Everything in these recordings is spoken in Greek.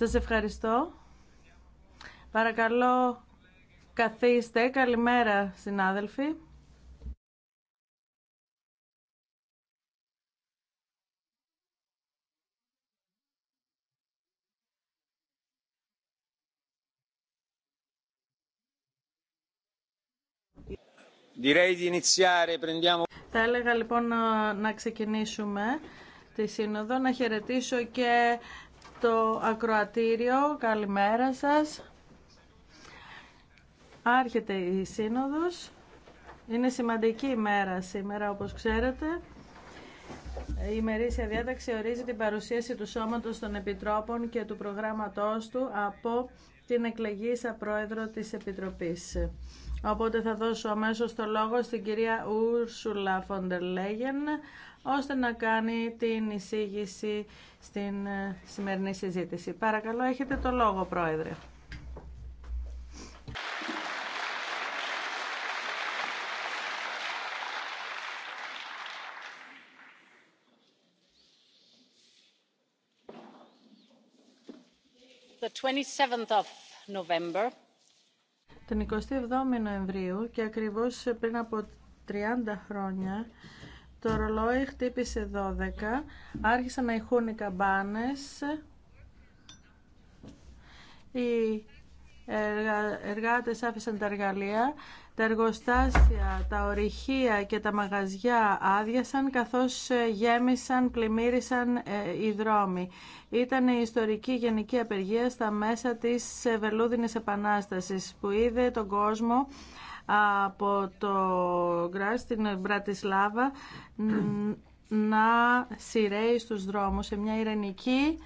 Σας ευχαριστώ. Παρακαλώ, καθίστε. Καλημέρα, συνάδελφοι. Θα έλεγα λοιπόν να ξεκινήσουμε τη Σύνοδο, να χαιρετήσω και το ακροατήριο. Καλημέρα σας. Άρχεται η σύνοδος. Είναι σημαντική ημέρα σήμερα, όπως ξέρετε. Η ημερήσια διάταξη ορίζει την παρουσίαση του Σώματος των Επιτρόπων και του προγράμματός του από την εκλεγήσα πρόεδρο της Επιτροπής. Οπότε θα δώσω αμέσως το λόγο στην κυρία Ούρσουλα Φοντελέγεν ώστε να κάνει την εισήγηση στην ε, σημερινή συζήτηση. Παρακαλώ, έχετε το λόγο, Πρόεδρε. The 27th of November. Τον 27 Νοεμβρίου και ακριβώς πριν από 30 χρόνια το ρολόι χτύπησε 12, άρχισαν να ηχούν οι καμπάνες. Οι εργάτες άφησαν τα εργαλεία, τα εργοστάσια, τα ορυχεία και τα μαγαζιά άδειασαν καθώς ε, γέμισαν, πλημμύρισαν ε, οι δρόμοι. Ήταν η ιστορική γενική απεργία στα μέσα της ε, Βελούδινης Επανάστασης που είδε τον κόσμο από το Γκρας, στην Μπρατισλάβα να σειραίει στους δρόμους σε μια ειρηνική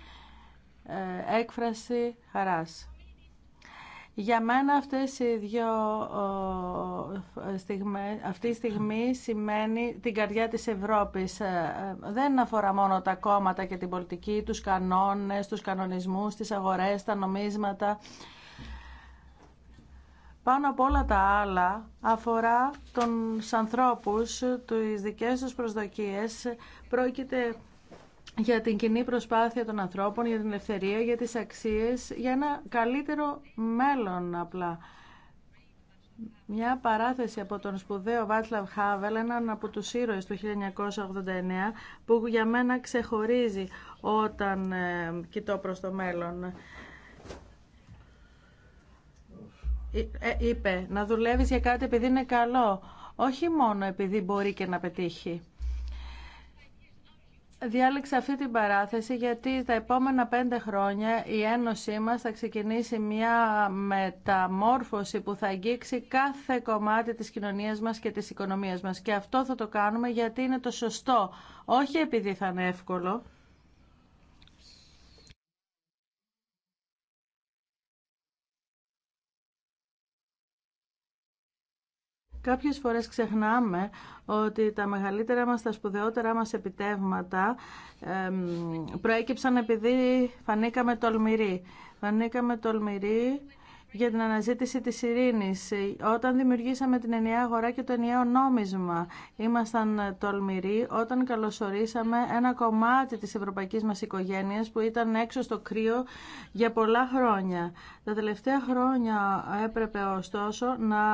ε, έκφραση χαράς. Για μένα αυτές οι δύο ε, αυτή η στιγμή σημαίνει την καρδιά της Ευρώπης. Ε, δεν αφορά μόνο τα κόμματα και την πολιτική, τους κανόνες, τους κανονισμούς, τις αγορές, τα νομίσματα πάνω από όλα τα άλλα αφορά τον ανθρώπους, του δικές τους προσδοκίες. Πρόκειται για την κοινή προσπάθεια των ανθρώπων, για την ελευθερία, για τις αξίες, για ένα καλύτερο μέλλον απλά. Μια παράθεση από τον σπουδαίο Βάτλαβ Χάβελ, έναν από τους ήρωες του 1989, που για μένα ξεχωρίζει όταν ε, κοιτώ προς το μέλλον. Ε, ε, είπε να δουλεύεις για κάτι επειδή είναι καλό, όχι μόνο επειδή μπορεί και να πετύχει. Διάλεξα αυτή την παράθεση γιατί τα επόμενα πέντε χρόνια η Ένωσή μας θα ξεκινήσει μια μεταμόρφωση που θα αγγίξει κάθε κομμάτι της κοινωνίας μας και της οικονομίας μας. Και αυτό θα το κάνουμε γιατί είναι το σωστό, όχι επειδή θα είναι εύκολο. Κάποιες φορές ξεχνάμε ότι τα μεγαλύτερα μας, τα σπουδαιότερά μας επιτεύγματα προέκυψαν επειδή φανήκαμε τολμηροί. Φανήκαμε τολμηροί για την αναζήτηση της ειρήνης. Όταν δημιουργήσαμε την ενιαία αγορά και το ενιαίο νόμισμα, ήμασταν τολμηροί όταν καλωσορίσαμε ένα κομμάτι της ευρωπαϊκής μας οικογένειας που ήταν έξω στο κρύο για πολλά χρόνια. Τα τελευταία χρόνια έπρεπε ωστόσο να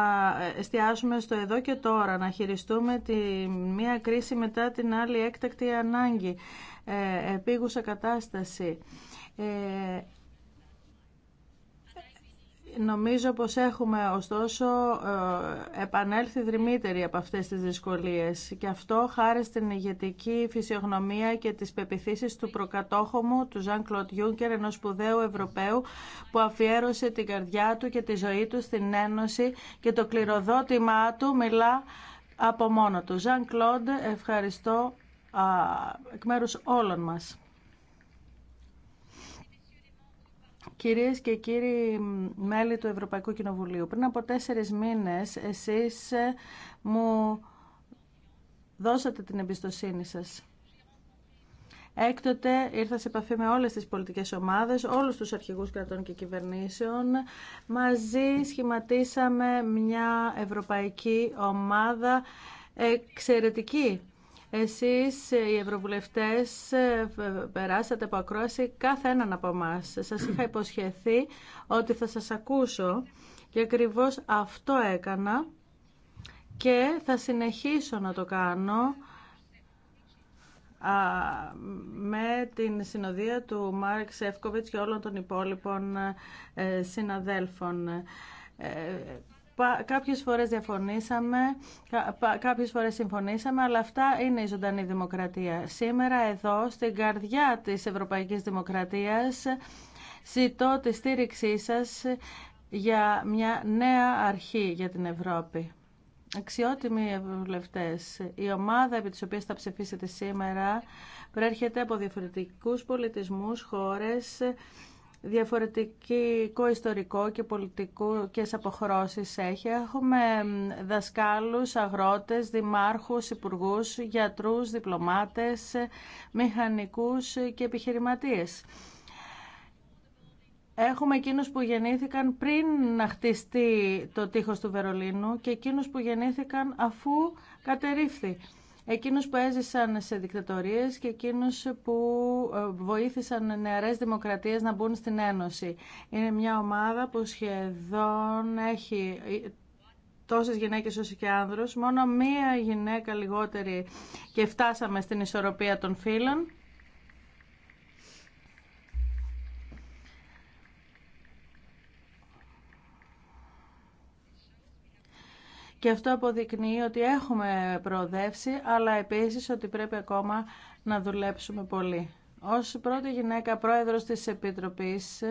εστιάσουμε στο εδώ και τώρα, να χειριστούμε τη μία κρίση μετά την άλλη έκτακτη ανάγκη, ε, επίγουσα κατάσταση. Ε, Νομίζω πως έχουμε ωστόσο ε, επανέλθει δρυμύτεροι από αυτές τις δυσκολίες και αυτό χάρη στην ηγετική φυσιογνωμία και τις πεπιθήσεις του προκατόχου μου, του Ζαν Κλοντ Ιούγκερ, ενός σπουδαίου Ευρωπαίου που αφιέρωσε την καρδιά του και τη ζωή του στην Ένωση και το κληροδότημά του μιλά από μόνο του. Ζαν Κλοντ, ευχαριστώ εκ μέρους όλων μας. Κυρίες και κύριοι μέλη του Ευρωπαϊκού Κοινοβουλίου, πριν από τέσσερις μήνες εσείς ε, μου δώσατε την εμπιστοσύνη σας. Έκτοτε ήρθα σε επαφή με όλες τις πολιτικές ομάδες, όλους τους αρχηγούς κρατών και κυβερνήσεων. Μαζί σχηματίσαμε μια ευρωπαϊκή ομάδα εξαιρετική εσείς οι ευρωβουλευτές περάσατε από ακρόαση κάθε έναν από εμά. Σας είχα υποσχεθεί ότι θα σας ακούσω και ακριβώ αυτό έκανα και θα συνεχίσω να το κάνω με την συνοδεία του Μάρκ Σεύκοβιτς και όλων των υπόλοιπων ε, συναδέλφων. Ε, Κάποιες φορές διαφωνήσαμε, κάποιες φορές συμφωνήσαμε, αλλά αυτά είναι η ζωντανή δημοκρατία. Σήμερα εδώ, στην καρδιά της Ευρωπαϊκής Δημοκρατίας, ζητώ τη στήριξή σας για μια νέα αρχή για την Ευρώπη. Αξιότιμοι ευρωβουλευτέ, η ομάδα επί της οποίας θα ψηφίσετε σήμερα προέρχεται από διαφορετικούς πολιτισμούς, χώρες, διαφορετικό ιστορικό και πολιτικό και σε αποχρώσεις έχει. Έχουμε δασκάλους, αγρότες, δημάρχους, υπουργούς, γιατρούς, διπλωμάτες, μηχανικούς και επιχειρηματίες. Έχουμε εκείνους που γεννήθηκαν πριν να χτιστεί το τείχος του Βερολίνου και εκείνους που γεννήθηκαν αφού κατερρίφθη εκείνους που έζησαν σε δικτατορίες και εκείνους που ε, βοήθησαν νεαρές δημοκρατίες να μπουν στην Ένωση. Είναι μια ομάδα που σχεδόν έχει ε, τόσες γυναίκες όσο και άνδρους, μόνο μία γυναίκα λιγότερη και φτάσαμε στην ισορροπία των φίλων. Και αυτό αποδεικνύει ότι έχουμε προοδεύσει, αλλά επίσης ότι πρέπει ακόμα να δουλέψουμε πολύ. Ως πρώτη γυναίκα πρόεδρος της Επιτροπής,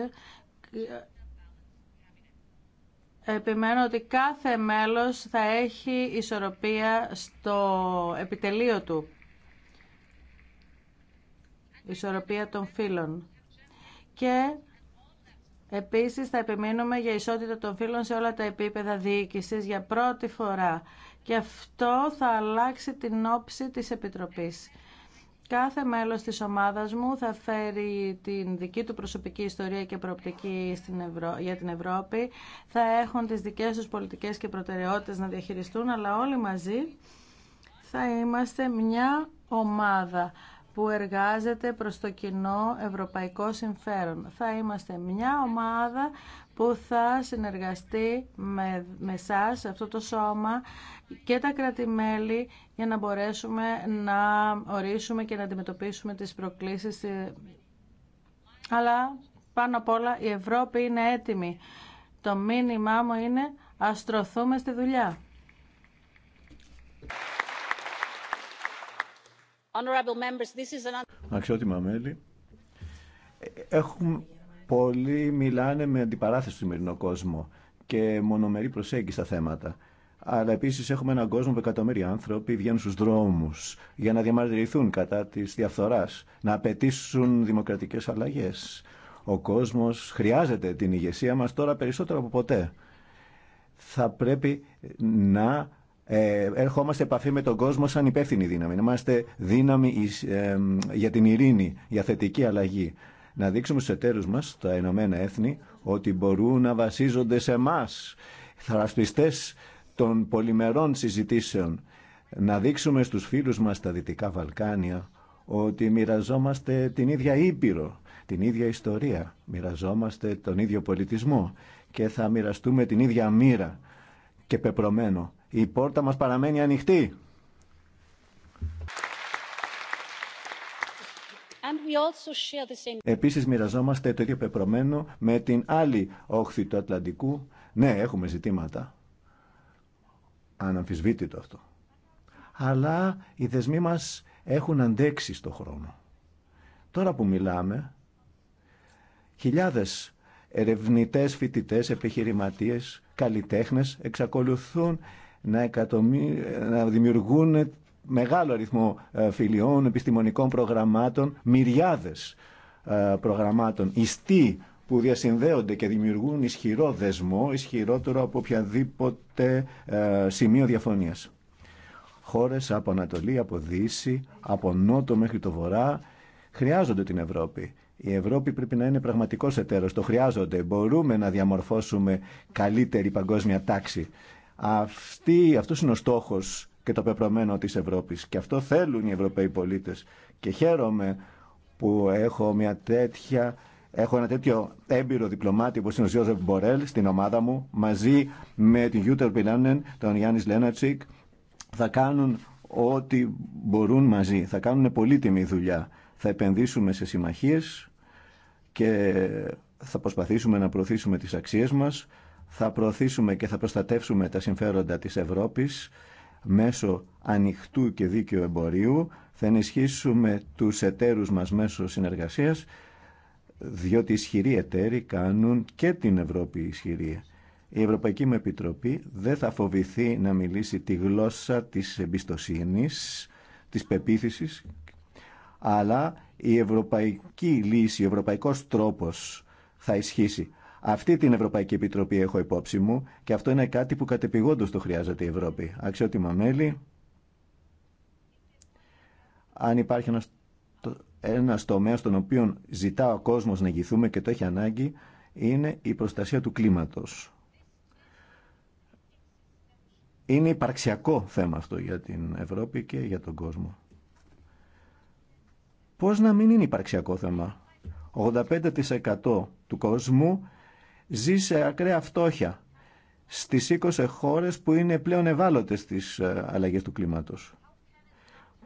επιμένω ότι κάθε μέλος θα έχει ισορροπία στο επιτελείο του. Ισορροπία των φίλων. Και Επίσης θα επιμείνουμε για ισότητα των φύλων σε όλα τα επίπεδα διοίκησης για πρώτη φορά και αυτό θα αλλάξει την όψη της Επιτροπής. Κάθε μέλος της ομάδας μου θα φέρει την δική του προσωπική ιστορία και προοπτική για την Ευρώπη. Θα έχουν τις δικές τους πολιτικές και προτεραιότητες να διαχειριστούν, αλλά όλοι μαζί θα είμαστε μια ομάδα που εργάζεται προς το κοινό ευρωπαϊκό συμφέρον. Θα είμαστε μια ομάδα που θα συνεργαστεί με, με σας, αυτό το σώμα και τα κρατημέλη για να μπορέσουμε να ορίσουμε και να αντιμετωπίσουμε τις προκλήσεις. Αλλά πάνω απ' όλα η Ευρώπη είναι έτοιμη. Το μήνυμά μου είναι στρωθούμε στη δουλειά. Αξιότιμα μέλη, έχουν, πολλοί μιλάνε με αντιπαράθεση στο σημερινό κόσμο και μονομερή προσέγγιση στα θέματα. Αλλά επίσης έχουμε έναν κόσμο που εκατομμύρια άνθρωποι βγαίνουν στους δρόμους για να διαμαρτυρηθούν κατά της διαφθοράς, να απαιτήσουν δημοκρατικές αλλαγές. Ο κόσμος χρειάζεται την ηγεσία μας τώρα περισσότερο από ποτέ. Θα πρέπει να ε, ερχόμαστε επαφή με τον κόσμο σαν υπεύθυνη δύναμη. είμαστε δύναμη για την ειρήνη, για θετική αλλαγή. Να δείξουμε στους εταίρους μας, τα Ηνωμένα Έθνη, ότι μπορούν να βασίζονται σε εμά, θρασπιστέ των πολυμερών συζητήσεων. Να δείξουμε στους φίλους μας τα Δυτικά Βαλκάνια ότι μοιραζόμαστε την ίδια Ήπειρο, την ίδια ιστορία, μοιραζόμαστε τον ίδιο πολιτισμό και θα μοιραστούμε την ίδια μοίρα και πεπρωμένο η πόρτα μας παραμένει ανοιχτή. Επίσης μοιραζόμαστε το ίδιο πεπρωμένο με την άλλη όχθη του Ατλαντικού. Ναι, έχουμε ζητήματα. Αναμφισβήτητο αυτό. Αλλά οι δεσμοί μας έχουν αντέξει στο χρόνο. Τώρα που μιλάμε, χιλιάδες ερευνητές, φοιτητές, επιχειρηματίες, καλλιτέχνες εξακολουθούν να, να δημιουργούν μεγάλο αριθμό ε, φιλιών, επιστημονικών προγραμμάτων, μυριάδες ε, προγραμμάτων, ιστοί που διασυνδέονται και δημιουργούν ισχυρό δεσμό, ισχυρότερο από οποιαδήποτε ε, σημείο διαφωνίας. Χώρες από Ανατολή, από Δύση, από Νότο μέχρι το Βορρά χρειάζονται την Ευρώπη. Η Ευρώπη πρέπει να είναι πραγματικός εταίρος, το χρειάζονται. Μπορούμε να διαμορφώσουμε καλύτερη παγκόσμια τάξη. Αυτή, αυτός είναι ο στόχος και το πεπρωμένο της Ευρώπης και αυτό θέλουν οι Ευρωπαίοι πολίτες και χαίρομαι που έχω, μια τέτοια, έχω ένα τέτοιο έμπειρο διπλωμάτη όπως είναι ο Ζιώζεφ Μπορέλ στην ομάδα μου μαζί με την Γιούτερ Πιλάνεν, τον Γιάννη Λένατσικ θα κάνουν ό,τι μπορούν μαζί, θα κάνουν πολύτιμη δουλειά θα επενδύσουμε σε συμμαχίες και θα προσπαθήσουμε να προωθήσουμε τις αξίες μας θα προωθήσουμε και θα προστατεύσουμε τα συμφέροντα της Ευρώπης μέσω ανοιχτού και δίκαιου εμπορίου, θα ενισχύσουμε τους εταίρους μας μέσω συνεργασίας, διότι ισχυροί εταίροι κάνουν και την Ευρώπη ισχυρή. Η Ευρωπαϊκή μου Επιτροπή δεν θα φοβηθεί να μιλήσει τη γλώσσα της εμπιστοσύνης, της πεποίθησης, αλλά η ευρωπαϊκή λύση, ο ευρωπαϊκός τρόπος θα ισχύσει. Αυτή την Ευρωπαϊκή Επιτροπή έχω υπόψη μου και αυτό είναι κάτι που κατεπηγόντω το χρειάζεται η Ευρώπη. Αξιότιμα μέλη, αν υπάρχει ένα ένας τομέας στον οποίο ζητά ο κόσμος να γυθούμε και το έχει ανάγκη, είναι η προστασία του κλίματος. Είναι υπαρξιακό θέμα αυτό για την Ευρώπη και για τον κόσμο. Πώς να μην είναι υπαρξιακό θέμα. 85% του κόσμου ζει σε ακραία φτώχεια στις 20 χώρες που είναι πλέον ευάλωτες στις ε, αλλαγές του κλίματος.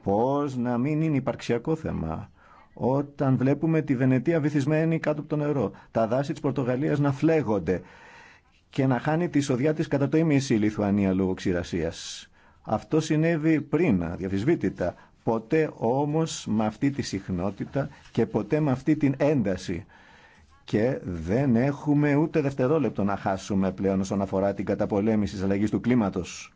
Πώς να μην είναι υπαρξιακό θέμα όταν βλέπουμε τη Βενετία βυθισμένη κάτω από το νερό, τα δάση της Πορτογαλίας να φλέγονται και να χάνει τη σοδιά της κατά το ίμιση η Λιθουανία λόγω ξηρασίας. Αυτό συνέβη πριν, αδιαφυσβήτητα, ποτέ όμως με αυτή τη συχνότητα και ποτέ με αυτή την ένταση και δεν έχουμε ούτε δευτερόλεπτο να χάσουμε πλέον όσον αφορά την καταπολέμηση της αλλαγής του κλίματος.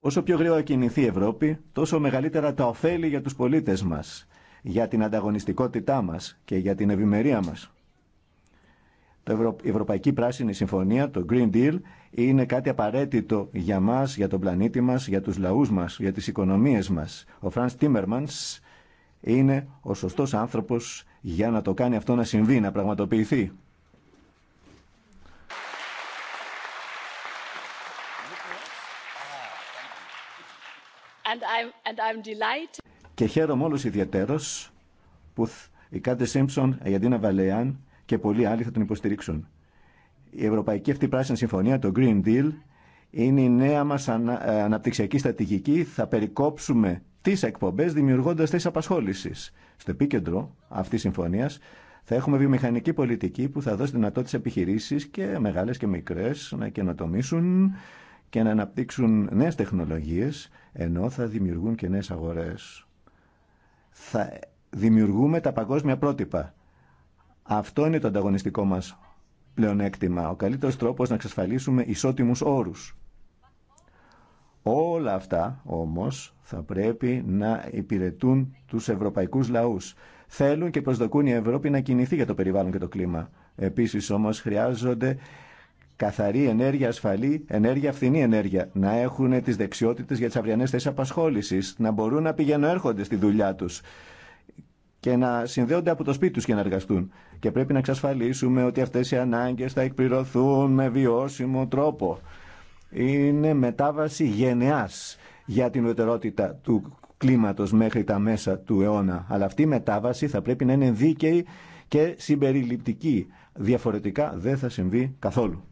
Όσο πιο γρήγορα κινηθεί η Ευρώπη, τόσο μεγαλύτερα τα ωφέλη για τους πολίτες μας, για την ανταγωνιστικότητά μας και για την ευημερία μας. Η Ευρωπαϊκή Πράσινη Συμφωνία, το Green Deal, είναι κάτι απαραίτητο για μας, για τον πλανήτη μας, για τους λαούς μας, για τις οικονομίες μας. Ο Φρανς Τίμερμανς είναι ο σωστός άνθρωπος για να το κάνει αυτό να συμβεί, να πραγματοποιηθεί. And Και χαίρομαι όλους ιδιαίτερος που η Κάντε Σίμψον, η Αντίνα Βαλεάν και πολλοί άλλοι θα τον υποστηρίξουν. Η Ευρωπαϊκή αυτή πράσινη συμφωνία, το Green Deal, είναι η νέα μας ε, αναπτυξιακή στρατηγική. Θα περικόψουμε τι εκπομπέ δημιουργώντα θέσεις απασχόλησης. Στο επίκεντρο αυτή της συμφωνίας θα έχουμε βιομηχανική πολιτική που θα δώσει δυνατότητε επιχειρήσει και μεγάλε και μικρέ να καινοτομήσουν και να αναπτύξουν νέε τεχνολογίε ενώ θα δημιουργούν και νέε αγορέ. Θα δημιουργούμε τα παγκόσμια πρότυπα αυτό είναι το ανταγωνιστικό μας πλεονέκτημα. Ο καλύτερος τρόπος να εξασφαλίσουμε ισότιμου όρου. Όλα αυτά όμως θα πρέπει να υπηρετούν τους ευρωπαϊκούς λαούς. Θέλουν και προσδοκούν η Ευρώπη να κινηθεί για το περιβάλλον και το κλίμα. Επίσης όμως χρειάζονται καθαρή ενέργεια, ασφαλή ενέργεια, φθηνή ενέργεια. Να έχουν τις δεξιότητες για τις αυριανές θέσεις απασχόλησης, να μπορούν να πηγαίνουν έρχονται στη δουλειά τους και να συνδέονται από το σπίτι τους και να εργαστούν. Και πρέπει να εξασφαλίσουμε ότι αυτές οι ανάγκες θα εκπληρωθούν με βιώσιμο τρόπο. Είναι μετάβαση γενεάς για την ουτερότητα του κλίματος μέχρι τα μέσα του αιώνα. Αλλά αυτή η μετάβαση θα πρέπει να είναι δίκαιη και συμπεριληπτική. Διαφορετικά δεν θα συμβεί καθόλου.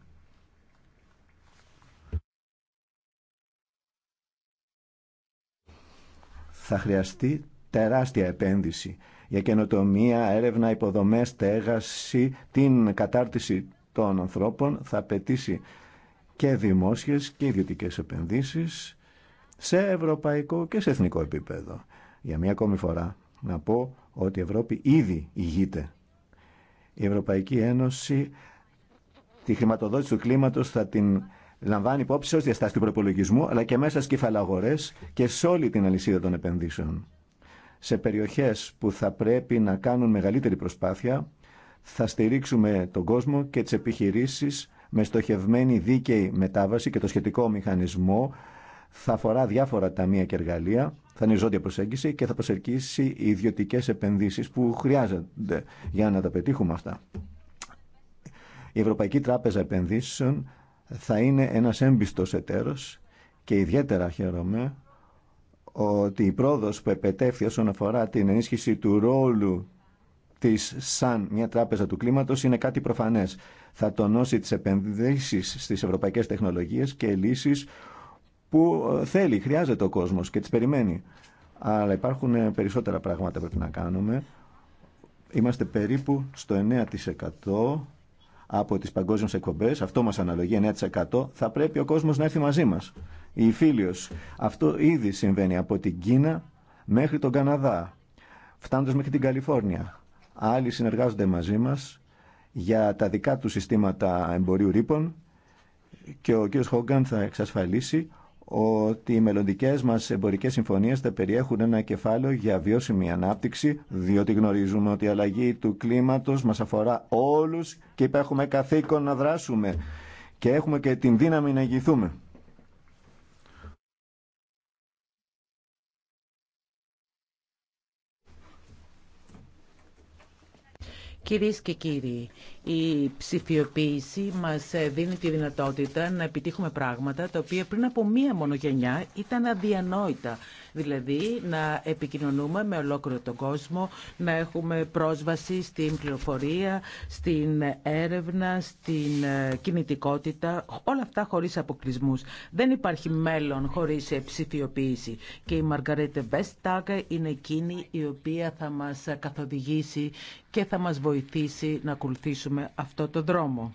Θα χρειαστεί τεράστια επένδυση για καινοτομία, έρευνα, υποδομές, στέγαση, την κατάρτιση των ανθρώπων θα απαιτήσει και δημόσιες και ιδιωτικές επενδύσεις σε ευρωπαϊκό και σε εθνικό επίπεδο. Για μία ακόμη φορά να πω ότι η Ευρώπη ήδη ηγείται. Η Ευρωπαϊκή Ένωση τη χρηματοδότηση του κλίματος θα την λαμβάνει υπόψη ως διαστάση του προπολογισμού αλλά και μέσα στις κεφαλαγορές και σε όλη την αλυσίδα των επενδύσεων σε περιοχές που θα πρέπει να κάνουν μεγαλύτερη προσπάθεια, θα στηρίξουμε τον κόσμο και τις επιχειρήσεις με στοχευμένη δίκαιη μετάβαση και το σχετικό μηχανισμό θα αφορά διάφορα ταμεία και εργαλεία, θα είναι ζώντια προσέγγιση και θα προσελκύσει ιδιωτικέ επενδύσεις που χρειάζονται για να τα πετύχουμε αυτά. Η Ευρωπαϊκή Τράπεζα Επενδύσεων θα είναι ένας έμπιστος εταίρος και ιδιαίτερα χαίρομαι ότι η πρόοδος που επετέφθη όσον αφορά την ενίσχυση του ρόλου της σαν μια τράπεζα του κλίματος είναι κάτι προφανές. Θα τονώσει τις επενδύσεις στις ευρωπαϊκές τεχνολογίες και λύσεις που ε, θέλει, χρειάζεται ο κόσμος και τις περιμένει. Αλλά υπάρχουν ε, περισσότερα πράγματα που πρέπει να κάνουμε. Είμαστε περίπου στο 9% από τις παγκόσμιες εκπομπέ, αυτό μας αναλογεί 9%, θα πρέπει ο κόσμος να έρθει μαζί μα. Η φίλιο. αυτό ήδη συμβαίνει από την Κίνα μέχρι τον Καναδά, φτάνοντας μέχρι την Καλιφόρνια. Άλλοι συνεργάζονται μαζί μας για τα δικά του συστήματα εμπορίου ρήπων και ο κ. Χόγκαν θα εξασφαλίσει ότι οι μελλοντικέ μα εμπορικέ συμφωνίε θα περιέχουν ένα κεφάλαιο για βιώσιμη ανάπτυξη, διότι γνωρίζουμε ότι η αλλαγή του κλίματο μα αφορά όλους και υπάρχουμε καθήκον να δράσουμε και έχουμε και την δύναμη να ηγηθούμε. Κυρίες και κύριοι, η ψηφιοποίηση μας ε, δίνει τη δυνατότητα να επιτύχουμε πράγματα τα οποία πριν από μία μονογενιά ήταν αδιανόητα. Δηλαδή να επικοινωνούμε με ολόκληρο τον κόσμο, να έχουμε πρόσβαση στην πληροφορία, στην έρευνα, στην ε, κινητικότητα, όλα αυτά χωρίς αποκλεισμούς. Δεν υπάρχει μέλλον χωρίς ε, ψηφιοποίηση. Και η Μαργαρέτε Βεστάγκα είναι εκείνη η οποία θα μας καθοδηγήσει και θα μας βοηθήσει να ακολουθήσουμε αυτό το δρόμο.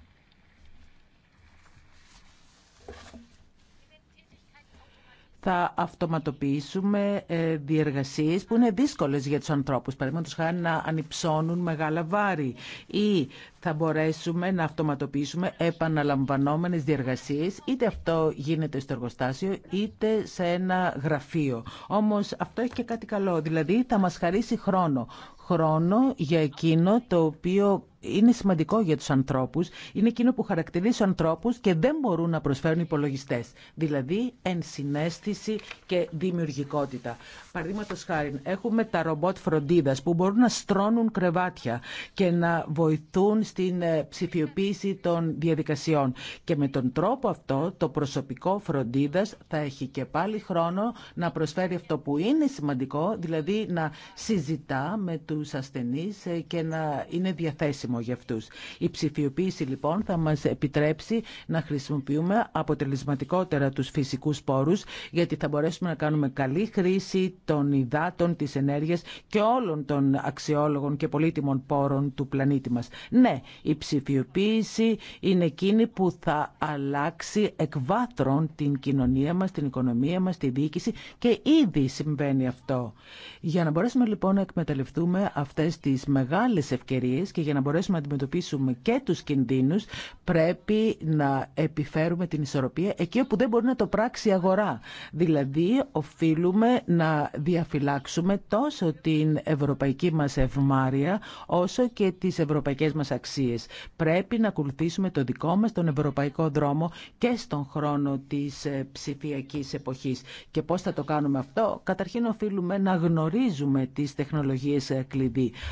θα αυτοματοποιήσουμε ε, διεργασίες που είναι δύσκολες για τους ανθρώπους. Παραδείγματος χάνει να ανυψώνουν μεγάλα βάρη ή θα μπορέσουμε να αυτοματοποιήσουμε επαναλαμβανόμενες διεργασίες είτε αυτό γίνεται στο εργοστάσιο είτε σε ένα γραφείο. Όμως αυτό έχει και κάτι καλό, δηλαδή θα μας χαρίσει χρόνο χρόνο για εκείνο το οποίο είναι σημαντικό για τους ανθρώπους, είναι εκείνο που χαρακτηρίζει τους ανθρώπους και δεν μπορούν να προσφέρουν υπολογιστές. Δηλαδή, ενσυναίσθηση και δημιουργικότητα. Παραδείγματο χάρη, έχουμε τα ρομπότ φροντίδας που μπορούν να στρώνουν κρεβάτια και να βοηθούν στην ε, ψηφιοποίηση των διαδικασιών. Και με τον τρόπο αυτό, το προσωπικό φροντίδας θα έχει και πάλι χρόνο να προσφέρει αυτό που είναι σημαντικό, δηλαδή να συζητά με του τους ασθενείς ε, και να είναι διαθέσιμο για αυτούς. Η ψηφιοποίηση λοιπόν θα μας επιτρέψει να χρησιμοποιούμε αποτελεσματικότερα τους φυσικούς πόρους γιατί θα μπορέσουμε να κάνουμε καλή χρήση των υδάτων, της ενέργειας και όλων των αξιόλογων και πολύτιμων πόρων του πλανήτη μας. Ναι, η ψηφιοποίηση είναι εκείνη που θα αλλάξει εκ βάθρων την κοινωνία μας, την οικονομία μας, τη διοίκηση και ήδη συμβαίνει αυτό. Για να μπορέσουμε λοιπόν να εκμεταλλευτούμε αυτές τις μεγάλες ευκαιρίες και για να μπορέσουμε να αντιμετωπίσουμε και τους κινδύνους πρέπει να επιφέρουμε την ισορροπία εκεί όπου δεν μπορεί να το πράξει η αγορά. Δηλαδή οφείλουμε να διαφυλάξουμε τόσο την ευρωπαϊκή μας ευμάρεια όσο και τις ευρωπαϊκές μας αξίες. Πρέπει να ακολουθήσουμε το δικό μας τον ευρωπαϊκό δρόμο και στον χρόνο της ε, ψηφιακής εποχής. Και πώς θα το κάνουμε αυτό. Καταρχήν οφείλουμε να γνωρίζουμε τις τεχνολογίες ε,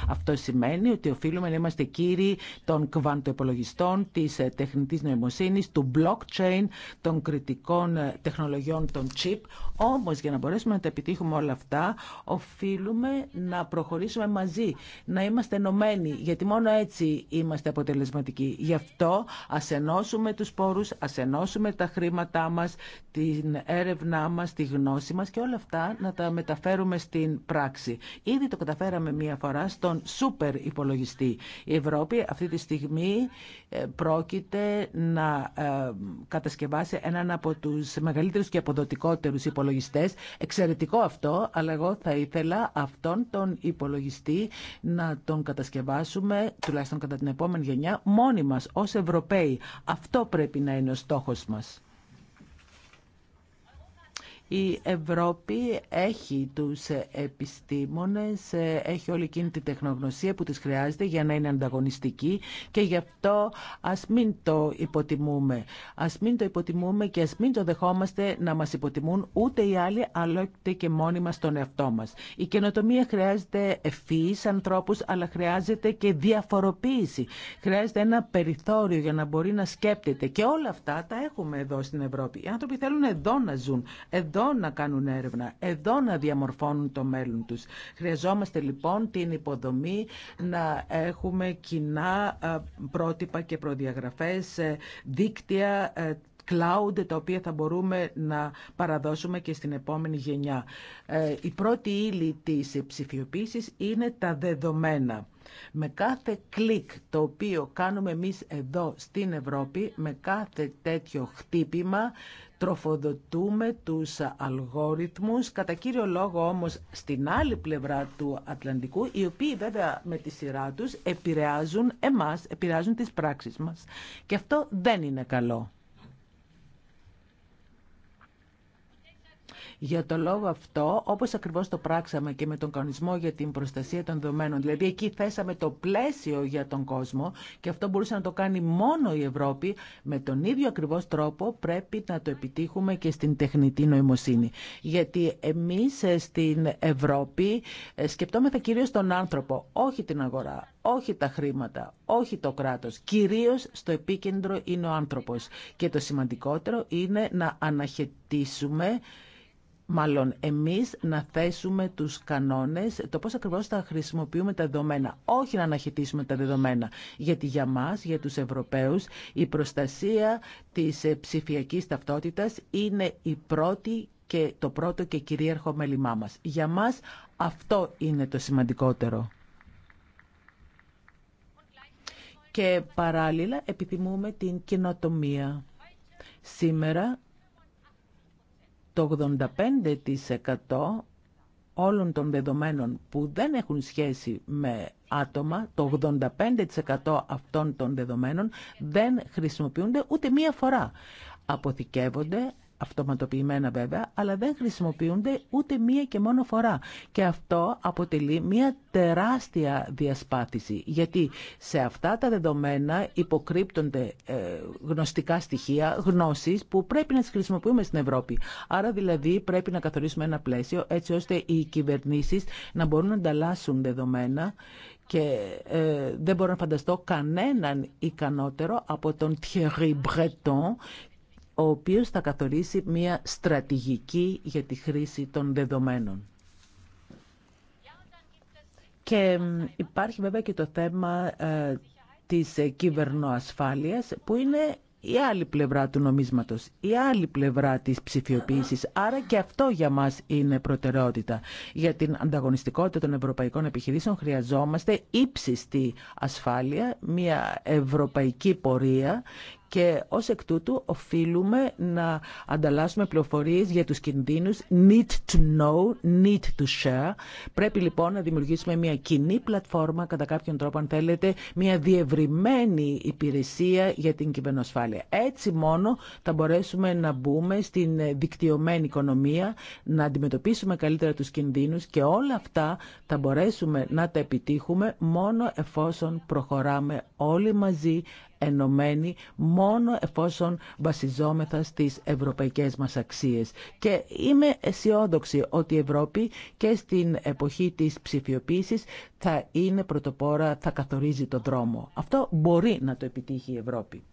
αυτό σημαίνει ότι οφείλουμε να είμαστε κύριοι των κβαντοεπολογιστών, τη ε, τεχνητή νοημοσύνης, του blockchain, των κριτικών ε, τεχνολογιών των chip. Όμως για να μπορέσουμε να τα επιτύχουμε όλα αυτά, οφείλουμε να προχωρήσουμε μαζί, να είμαστε ενωμένοι, γιατί μόνο έτσι είμαστε αποτελεσματικοί. Γι' αυτό α ενώσουμε τους πόρους, α ενώσουμε τα χρήματά μας, την έρευνά μας, τη γνώση μα και όλα αυτά να τα μεταφέρουμε στην πράξη. Ήδη το καταφέραμε μια φορά στον σούπερ υπολογιστή. Η Ευρώπη αυτή τη στιγμή ε, πρόκειται να ε, κατασκευάσει έναν από τους μεγαλύτερους και αποδοτικότερους υπολογιστές. Εξαιρετικό αυτό, αλλά εγώ θα ήθελα αυτόν τον υπολογιστή να τον κατασκευάσουμε, τουλάχιστον κατά την επόμενη γενιά, μόνοι μας ως Ευρωπαίοι. Αυτό πρέπει να είναι ο στόχος μας. Η Ευρώπη έχει τους επιστήμονες, έχει όλη εκείνη τη τεχνογνωσία που της χρειάζεται για να είναι ανταγωνιστική και γι' αυτό ας μην το υποτιμούμε. Ας μην το υποτιμούμε και ας μην το δεχόμαστε να μας υποτιμούν ούτε οι άλλοι, αλλά ούτε και μόνοι μας τον εαυτό μας. Η καινοτομία χρειάζεται ευφύης ανθρώπους, αλλά χρειάζεται και διαφοροποίηση. Χρειάζεται ένα περιθώριο για να μπορεί να σκέπτεται. Και όλα αυτά τα έχουμε εδώ στην Ευρώπη. Οι άνθρωποι θέλουν εδώ να ζουν, εδώ εδώ να κάνουν έρευνα, εδώ να διαμορφώνουν το μέλλον τους. Χρειαζόμαστε λοιπόν την υποδομή να έχουμε κοινά ε, πρότυπα και προδιαγραφές, ε, δίκτυα ε, cloud τα οποία θα μπορούμε να παραδώσουμε και στην επόμενη γενιά. Ε, η πρώτη ύλη της ψηφιοποίησης είναι τα δεδομένα. Με κάθε κλικ το οποίο κάνουμε εμείς εδώ στην Ευρώπη, με κάθε τέτοιο χτύπημα, τροφοδοτούμε τους αλγόριθμους, κατά κύριο λόγο όμως στην άλλη πλευρά του Ατλαντικού, οι οποίοι βέβαια με τη σειρά τους επηρεάζουν εμάς, επηρεάζουν τις πράξεις μας. Και αυτό δεν είναι καλό. Για το λόγο αυτό, όπως ακριβώς το πράξαμε και με τον κανονισμό για την προστασία των δεδομένων, δηλαδή εκεί θέσαμε το πλαίσιο για τον κόσμο και αυτό μπορούσε να το κάνει μόνο η Ευρώπη, με τον ίδιο ακριβώς τρόπο πρέπει να το επιτύχουμε και στην τεχνητή νοημοσύνη. Γιατί εμείς ε, στην Ευρώπη ε, σκεπτόμεθα κυρίως τον άνθρωπο, όχι την αγορά, όχι τα χρήματα, όχι το κράτος. Κυρίως στο επίκεντρο είναι ο άνθρωπος. Και το σημαντικότερο είναι να αναχαιτήσουμε μάλλον εμείς να θέσουμε τους κανόνες, το πώς ακριβώς θα χρησιμοποιούμε τα δεδομένα, όχι να αναχαιτήσουμε τα δεδομένα. Γιατί για μας, για τους Ευρωπαίους, η προστασία της ε, ψηφιακής ταυτότητας είναι η πρώτη και το πρώτο και κυρίαρχο μέλημά μας. Για μας αυτό είναι το σημαντικότερο. Και παράλληλα επιθυμούμε την κοινοτομία. Σήμερα το 85% όλων των δεδομένων που δεν έχουν σχέση με άτομα, το 85% αυτών των δεδομένων δεν χρησιμοποιούνται ούτε μία φορά. Αποθηκεύονται αυτοματοποιημένα βέβαια, αλλά δεν χρησιμοποιούνται ούτε μία και μόνο φορά. Και αυτό αποτελεί μία τεράστια διασπάθηση, γιατί σε αυτά τα δεδομένα υποκρύπτονται ε, γνωστικά στοιχεία, γνώσεις που πρέπει να τις χρησιμοποιούμε στην Ευρώπη. Άρα δηλαδή πρέπει να καθορίσουμε ένα πλαίσιο έτσι ώστε οι κυβερνήσεις να μπορούν να ανταλλάσσουν δεδομένα και ε, δεν μπορώ να φανταστώ κανέναν ικανότερο από τον Thierry Breton ο οποίος θα καθορίσει μια στρατηγική για τη χρήση των δεδομένων. Και υπάρχει βέβαια και το θέμα ε, της ε, κυβερνοασφάλειας που είναι η άλλη πλευρά του νομίσματος, η άλλη πλευρά της ψηφιοποίησης. Άρα και αυτό για μας είναι προτεραιότητα. Για την ανταγωνιστικότητα των ευρωπαϊκών επιχειρήσεων χρειαζόμαστε ύψιστη ασφάλεια, μια ευρωπαϊκή πορεία και ως εκ τούτου οφείλουμε να ανταλλάσσουμε πληροφορίες για τους κινδύνους need to know, need to share. Πρέπει λοιπόν να δημιουργήσουμε μια κοινή πλατφόρμα, κατά κάποιον τρόπο αν θέλετε, μια διευρυμένη υπηρεσία για την κυβερνοσφάλεια. Έτσι μόνο θα μπορέσουμε να μπούμε στην δικτυωμένη οικονομία, να αντιμετωπίσουμε καλύτερα τους κινδύνους και όλα αυτά θα μπορέσουμε να τα επιτύχουμε μόνο εφόσον προχωράμε όλοι μαζί ενωμένοι μόνο εφόσον βασιζόμεθα στις ευρωπαϊκές μας αξίες. Και είμαι αισιόδοξη ότι η Ευρώπη και στην εποχή της ψηφιοποίησης θα είναι πρωτοπόρα, θα καθορίζει τον δρόμο. Αυτό μπορεί να το επιτύχει η Ευρώπη.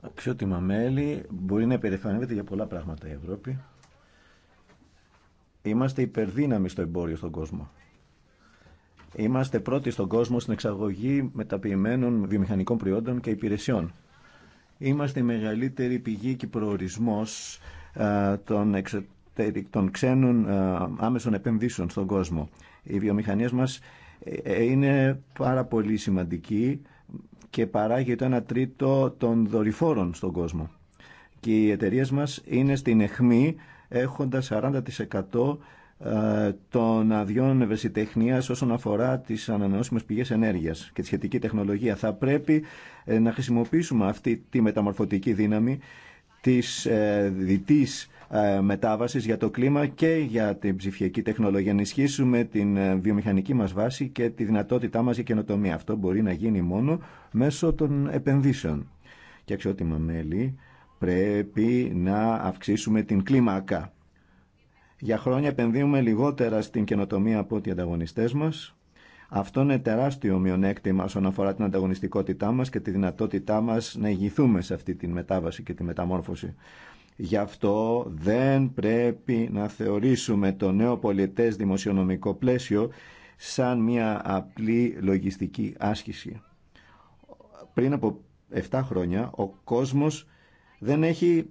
Αξιότιμα μέλη, μπορεί να υπερηφανεύεται για πολλά πράγματα η Ευρώπη. Είμαστε υπερδύναμοι στο εμπόριο στον κόσμο. Είμαστε πρώτοι στον κόσμο στην εξαγωγή μεταποιημένων βιομηχανικών προϊόντων και υπηρεσιών. Είμαστε η μεγαλύτερη πηγή και προορισμός ε, των, ξένων ε, άμεσων επενδύσεων στον κόσμο. Οι βιομηχανίε μας ε, είναι πάρα πολύ σημαντική και παράγει το 1 τρίτο των δορυφόρων στον κόσμο. Και οι εταιρείε μας είναι στην αιχμή έχοντας 40% ε, των αδειών ευαισθητεχνία όσον αφορά τι ανανεώσιμε πηγέ ενέργεια και τη σχετική τεχνολογία. Θα πρέπει ε, να χρησιμοποιήσουμε αυτή τη μεταμορφωτική δύναμη τη ε, διτή μετάβαση για το κλίμα και για την ψηφιακή τεχνολογία. Ενισχύσουμε την βιομηχανική μα βάση και τη δυνατότητά μα για καινοτομία. Αυτό μπορεί να γίνει μόνο μέσω των επενδύσεων. Και αξιότιμα μέλη, πρέπει να αυξήσουμε την κλίμακα για χρόνια επενδύουμε λιγότερα στην καινοτομία από ό,τι οι ανταγωνιστέ μα. Αυτό είναι τεράστιο μειονέκτημα όσον αφορά την ανταγωνιστικότητά μα και τη δυνατότητά μα να ηγηθούμε σε αυτή τη μετάβαση και τη μεταμόρφωση. Γι' αυτό δεν πρέπει να θεωρήσουμε το νέο πολιτές δημοσιονομικό πλαίσιο σαν μια απλή λογιστική άσκηση. Πριν από 7 χρόνια ο κόσμος δεν έχει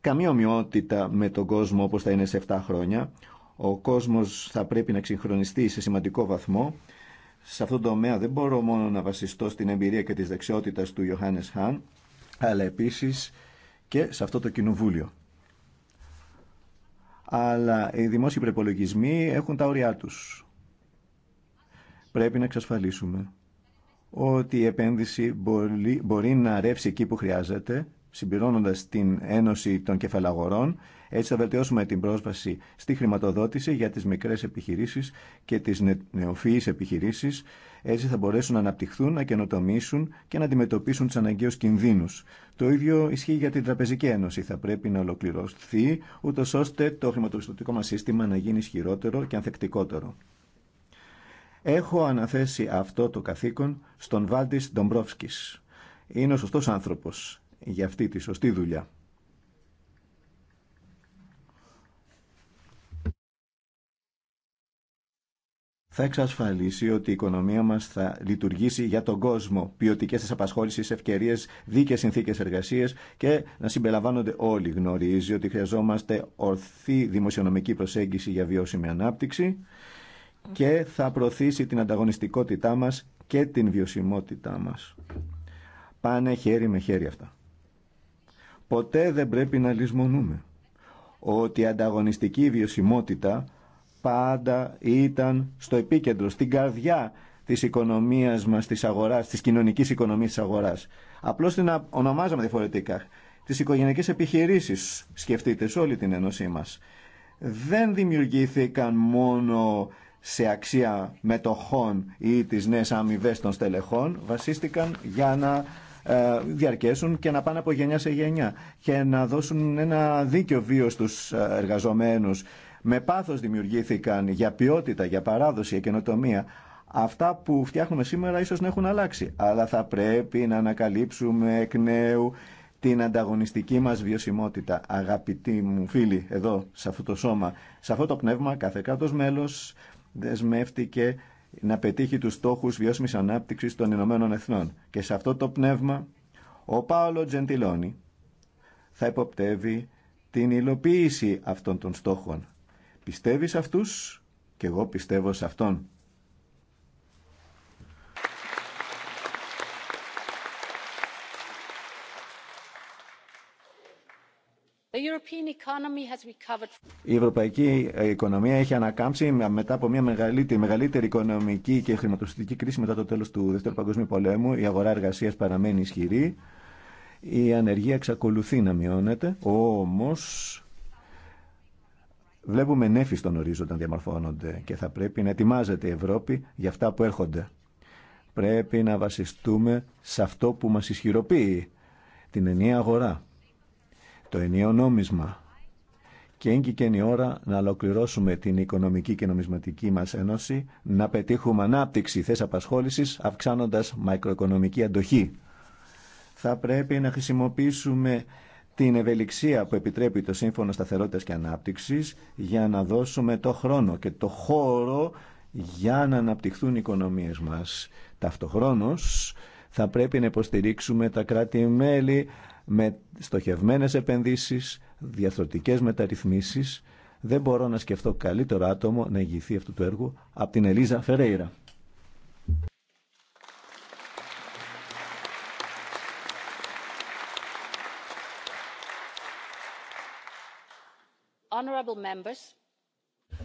καμία ομοιότητα με τον κόσμο όπως θα είναι σε 7 χρόνια. Ο κόσμος θα πρέπει να ξυγχρονιστεί σε σημαντικό βαθμό. Σε αυτόν τον τομέα δεν μπορώ μόνο να βασιστώ στην εμπειρία και τις δεξιότητες του Ιωάννης Χάν, αλλά επίσης και σε αυτό το κοινοβούλιο. Αλλά οι δημόσιοι προπολογισμοί έχουν τα όρια τους. Πρέπει να εξασφαλίσουμε ότι η επένδυση μπορεί, μπορεί να ρεύσει εκεί που χρειάζεται συμπληρώνοντα την Ένωση των Κεφαλαγορών. Έτσι θα βελτιώσουμε την πρόσβαση στη χρηματοδότηση για τις μικρές επιχειρήσεις και τις νεοφυείς επιχειρήσεις, Έτσι θα μπορέσουν να αναπτυχθούν, να καινοτομήσουν και να αντιμετωπίσουν του αναγκαίου κινδύνους. Το ίδιο ισχύει για την Τραπεζική Ένωση. Θα πρέπει να ολοκληρωθεί, ούτω ώστε το χρηματοπιστωτικό μα σύστημα να γίνει ισχυρότερο και ανθεκτικότερο. Έχω αναθέσει αυτό το καθήκον στον Βάλτι Ντομπρόφσκη. Είναι ο σωστό άνθρωπο για αυτή τη σωστή δουλειά. θα εξασφαλίσει ότι η οικονομία μας θα λειτουργήσει για τον κόσμο. Ποιοτικέ τη απασχόληση, ευκαιρίε, δίκαιε συνθήκε εργασία και να συμπεριλαμβάνονται όλοι. Γνωρίζει ότι χρειαζόμαστε ορθή δημοσιονομική προσέγγιση για βιώσιμη ανάπτυξη και θα προωθήσει την ανταγωνιστικότητά μας και την βιωσιμότητά μας. Πάνε χέρι με χέρι αυτά. Ποτέ δεν πρέπει να λησμονούμε ότι η ανταγωνιστική βιωσιμότητα πάντα ήταν στο επίκεντρο, στην καρδιά της οικονομίας μας, της αγοράς, της κοινωνικής οικονομίας της αγοράς. Απλώς την ονομάζαμε διαφορετικά. Τις οικογενειακές επιχειρήσεις σκεφτείτε σε όλη την ένωσή μας. Δεν δημιουργήθηκαν μόνο σε αξία μετοχών ή τις νέες αμοιβέ των στελεχών, βασίστηκαν για να ε, διαρκέσουν και να πάνε από γενιά σε γενιά και να δώσουν ένα δίκαιο βίο στους ε, εργαζομένους. Με πάθος δημιουργήθηκαν για ποιότητα, για παράδοση, για καινοτομία. Αυτά που φτιάχνουμε σήμερα ίσως να έχουν αλλάξει, αλλά θα πρέπει να ανακαλύψουμε εκ νέου την ανταγωνιστική μας βιωσιμότητα. Αγαπητοί μου φίλοι εδώ, σε αυτό το σώμα, σε αυτό το πνεύμα, κάθε κράτος μέλος δεσμεύτηκε να πετύχει τους στόχους βιώσιμης ανάπτυξης των Ηνωμένων Εθνών. Και σε αυτό το πνεύμα ο Πάολο Τζεντιλόνι θα υποπτεύει την υλοποίηση αυτών των στόχων. Πιστεύεις σε αυτούς και εγώ πιστεύω σε αυτόν. Η ευρωπαϊκή οικονομία έχει ανακάμψει μετά από μια μεγαλύτερη, οικονομική και χρηματοσυντική κρίση μετά το τέλος του Δεύτερου Παγκοσμίου Πολέμου. Η αγορά εργασίας παραμένει ισχυρή. Η ανεργία εξακολουθεί να μειώνεται. Όμως βλέπουμε νέφη στον ορίζοντα να διαμορφώνονται και θα πρέπει να ετοιμάζεται η Ευρώπη για αυτά που έρχονται. Πρέπει να βασιστούμε σε αυτό που μας ισχυροποιεί, την ενιαία αγορά το ενίο νόμισμα. Και έγκυκε η ώρα να ολοκληρώσουμε την οικονομική και νομισματική μας ένωση, να πετύχουμε ανάπτυξη θέση απασχόλησης, αυξάνοντας μακροοικονομική αντοχή. Θα πρέπει να χρησιμοποιήσουμε την ευελιξία που επιτρέπει το Σύμφωνο Σταθερότητας και Ανάπτυξης για να δώσουμε το χρόνο και το χώρο για να αναπτυχθούν οι οικονομίες μας. Ταυτοχρόνως θα πρέπει να υποστηρίξουμε τα κράτη-μέλη με στοχευμένες επενδύσεις, διαθροτικές μεταρρυθμίσεις. Δεν μπορώ να σκεφτώ καλύτερο άτομο να ηγηθεί αυτού του έργου από την Ελίζα Φερέιρα.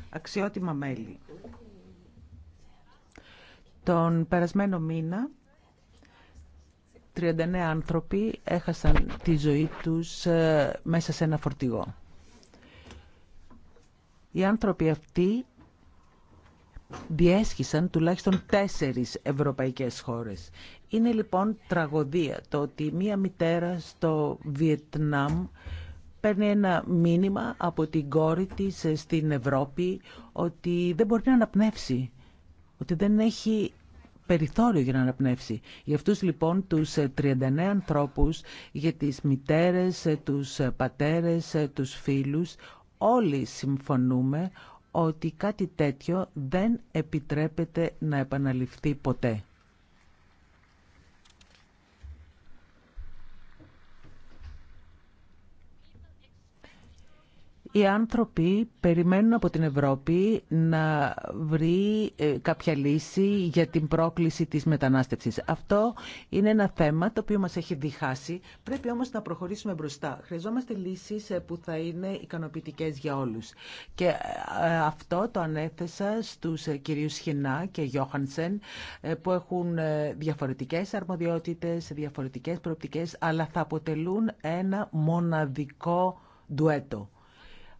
Αξιότιμα μέλη. Τον περασμένο μήνα 39 άνθρωποι έχασαν τη ζωή τους ε, μέσα σε ένα φορτηγό. Οι άνθρωποι αυτοί διέσχισαν τουλάχιστον τέσσερις ευρωπαϊκές χώρες. Είναι λοιπόν τραγωδία το ότι μία μητέρα στο Βιετνάμ παίρνει ένα μήνυμα από την κόρη της ε, στην Ευρώπη ότι δεν μπορεί να αναπνεύσει, ότι δεν έχει περιθώριο για να αναπνεύσει. Για αυτούς λοιπόν τους 39 ανθρώπους, για τις μητέρες, τους πατέρες, τους φίλους, όλοι συμφωνούμε ότι κάτι τέτοιο δεν επιτρέπεται να επαναληφθεί ποτέ. Οι άνθρωποι περιμένουν από την Ευρώπη να βρει ε, κάποια λύση για την πρόκληση της μετανάστευσης. Αυτό είναι ένα θέμα το οποίο μας έχει διχάσει. Πρέπει όμως να προχωρήσουμε μπροστά. Χρειαζόμαστε λύσεις ε, που θα είναι ικανοποιητικές για όλους. Και ε, αυτό το ανέθεσα στους κυρίους Χινά και Γιώχανσεν που έχουν διαφορετικές αρμοδιότητες, διαφορετικές προοπτικές, αλλά θα αποτελούν ένα μοναδικό ντουέτο.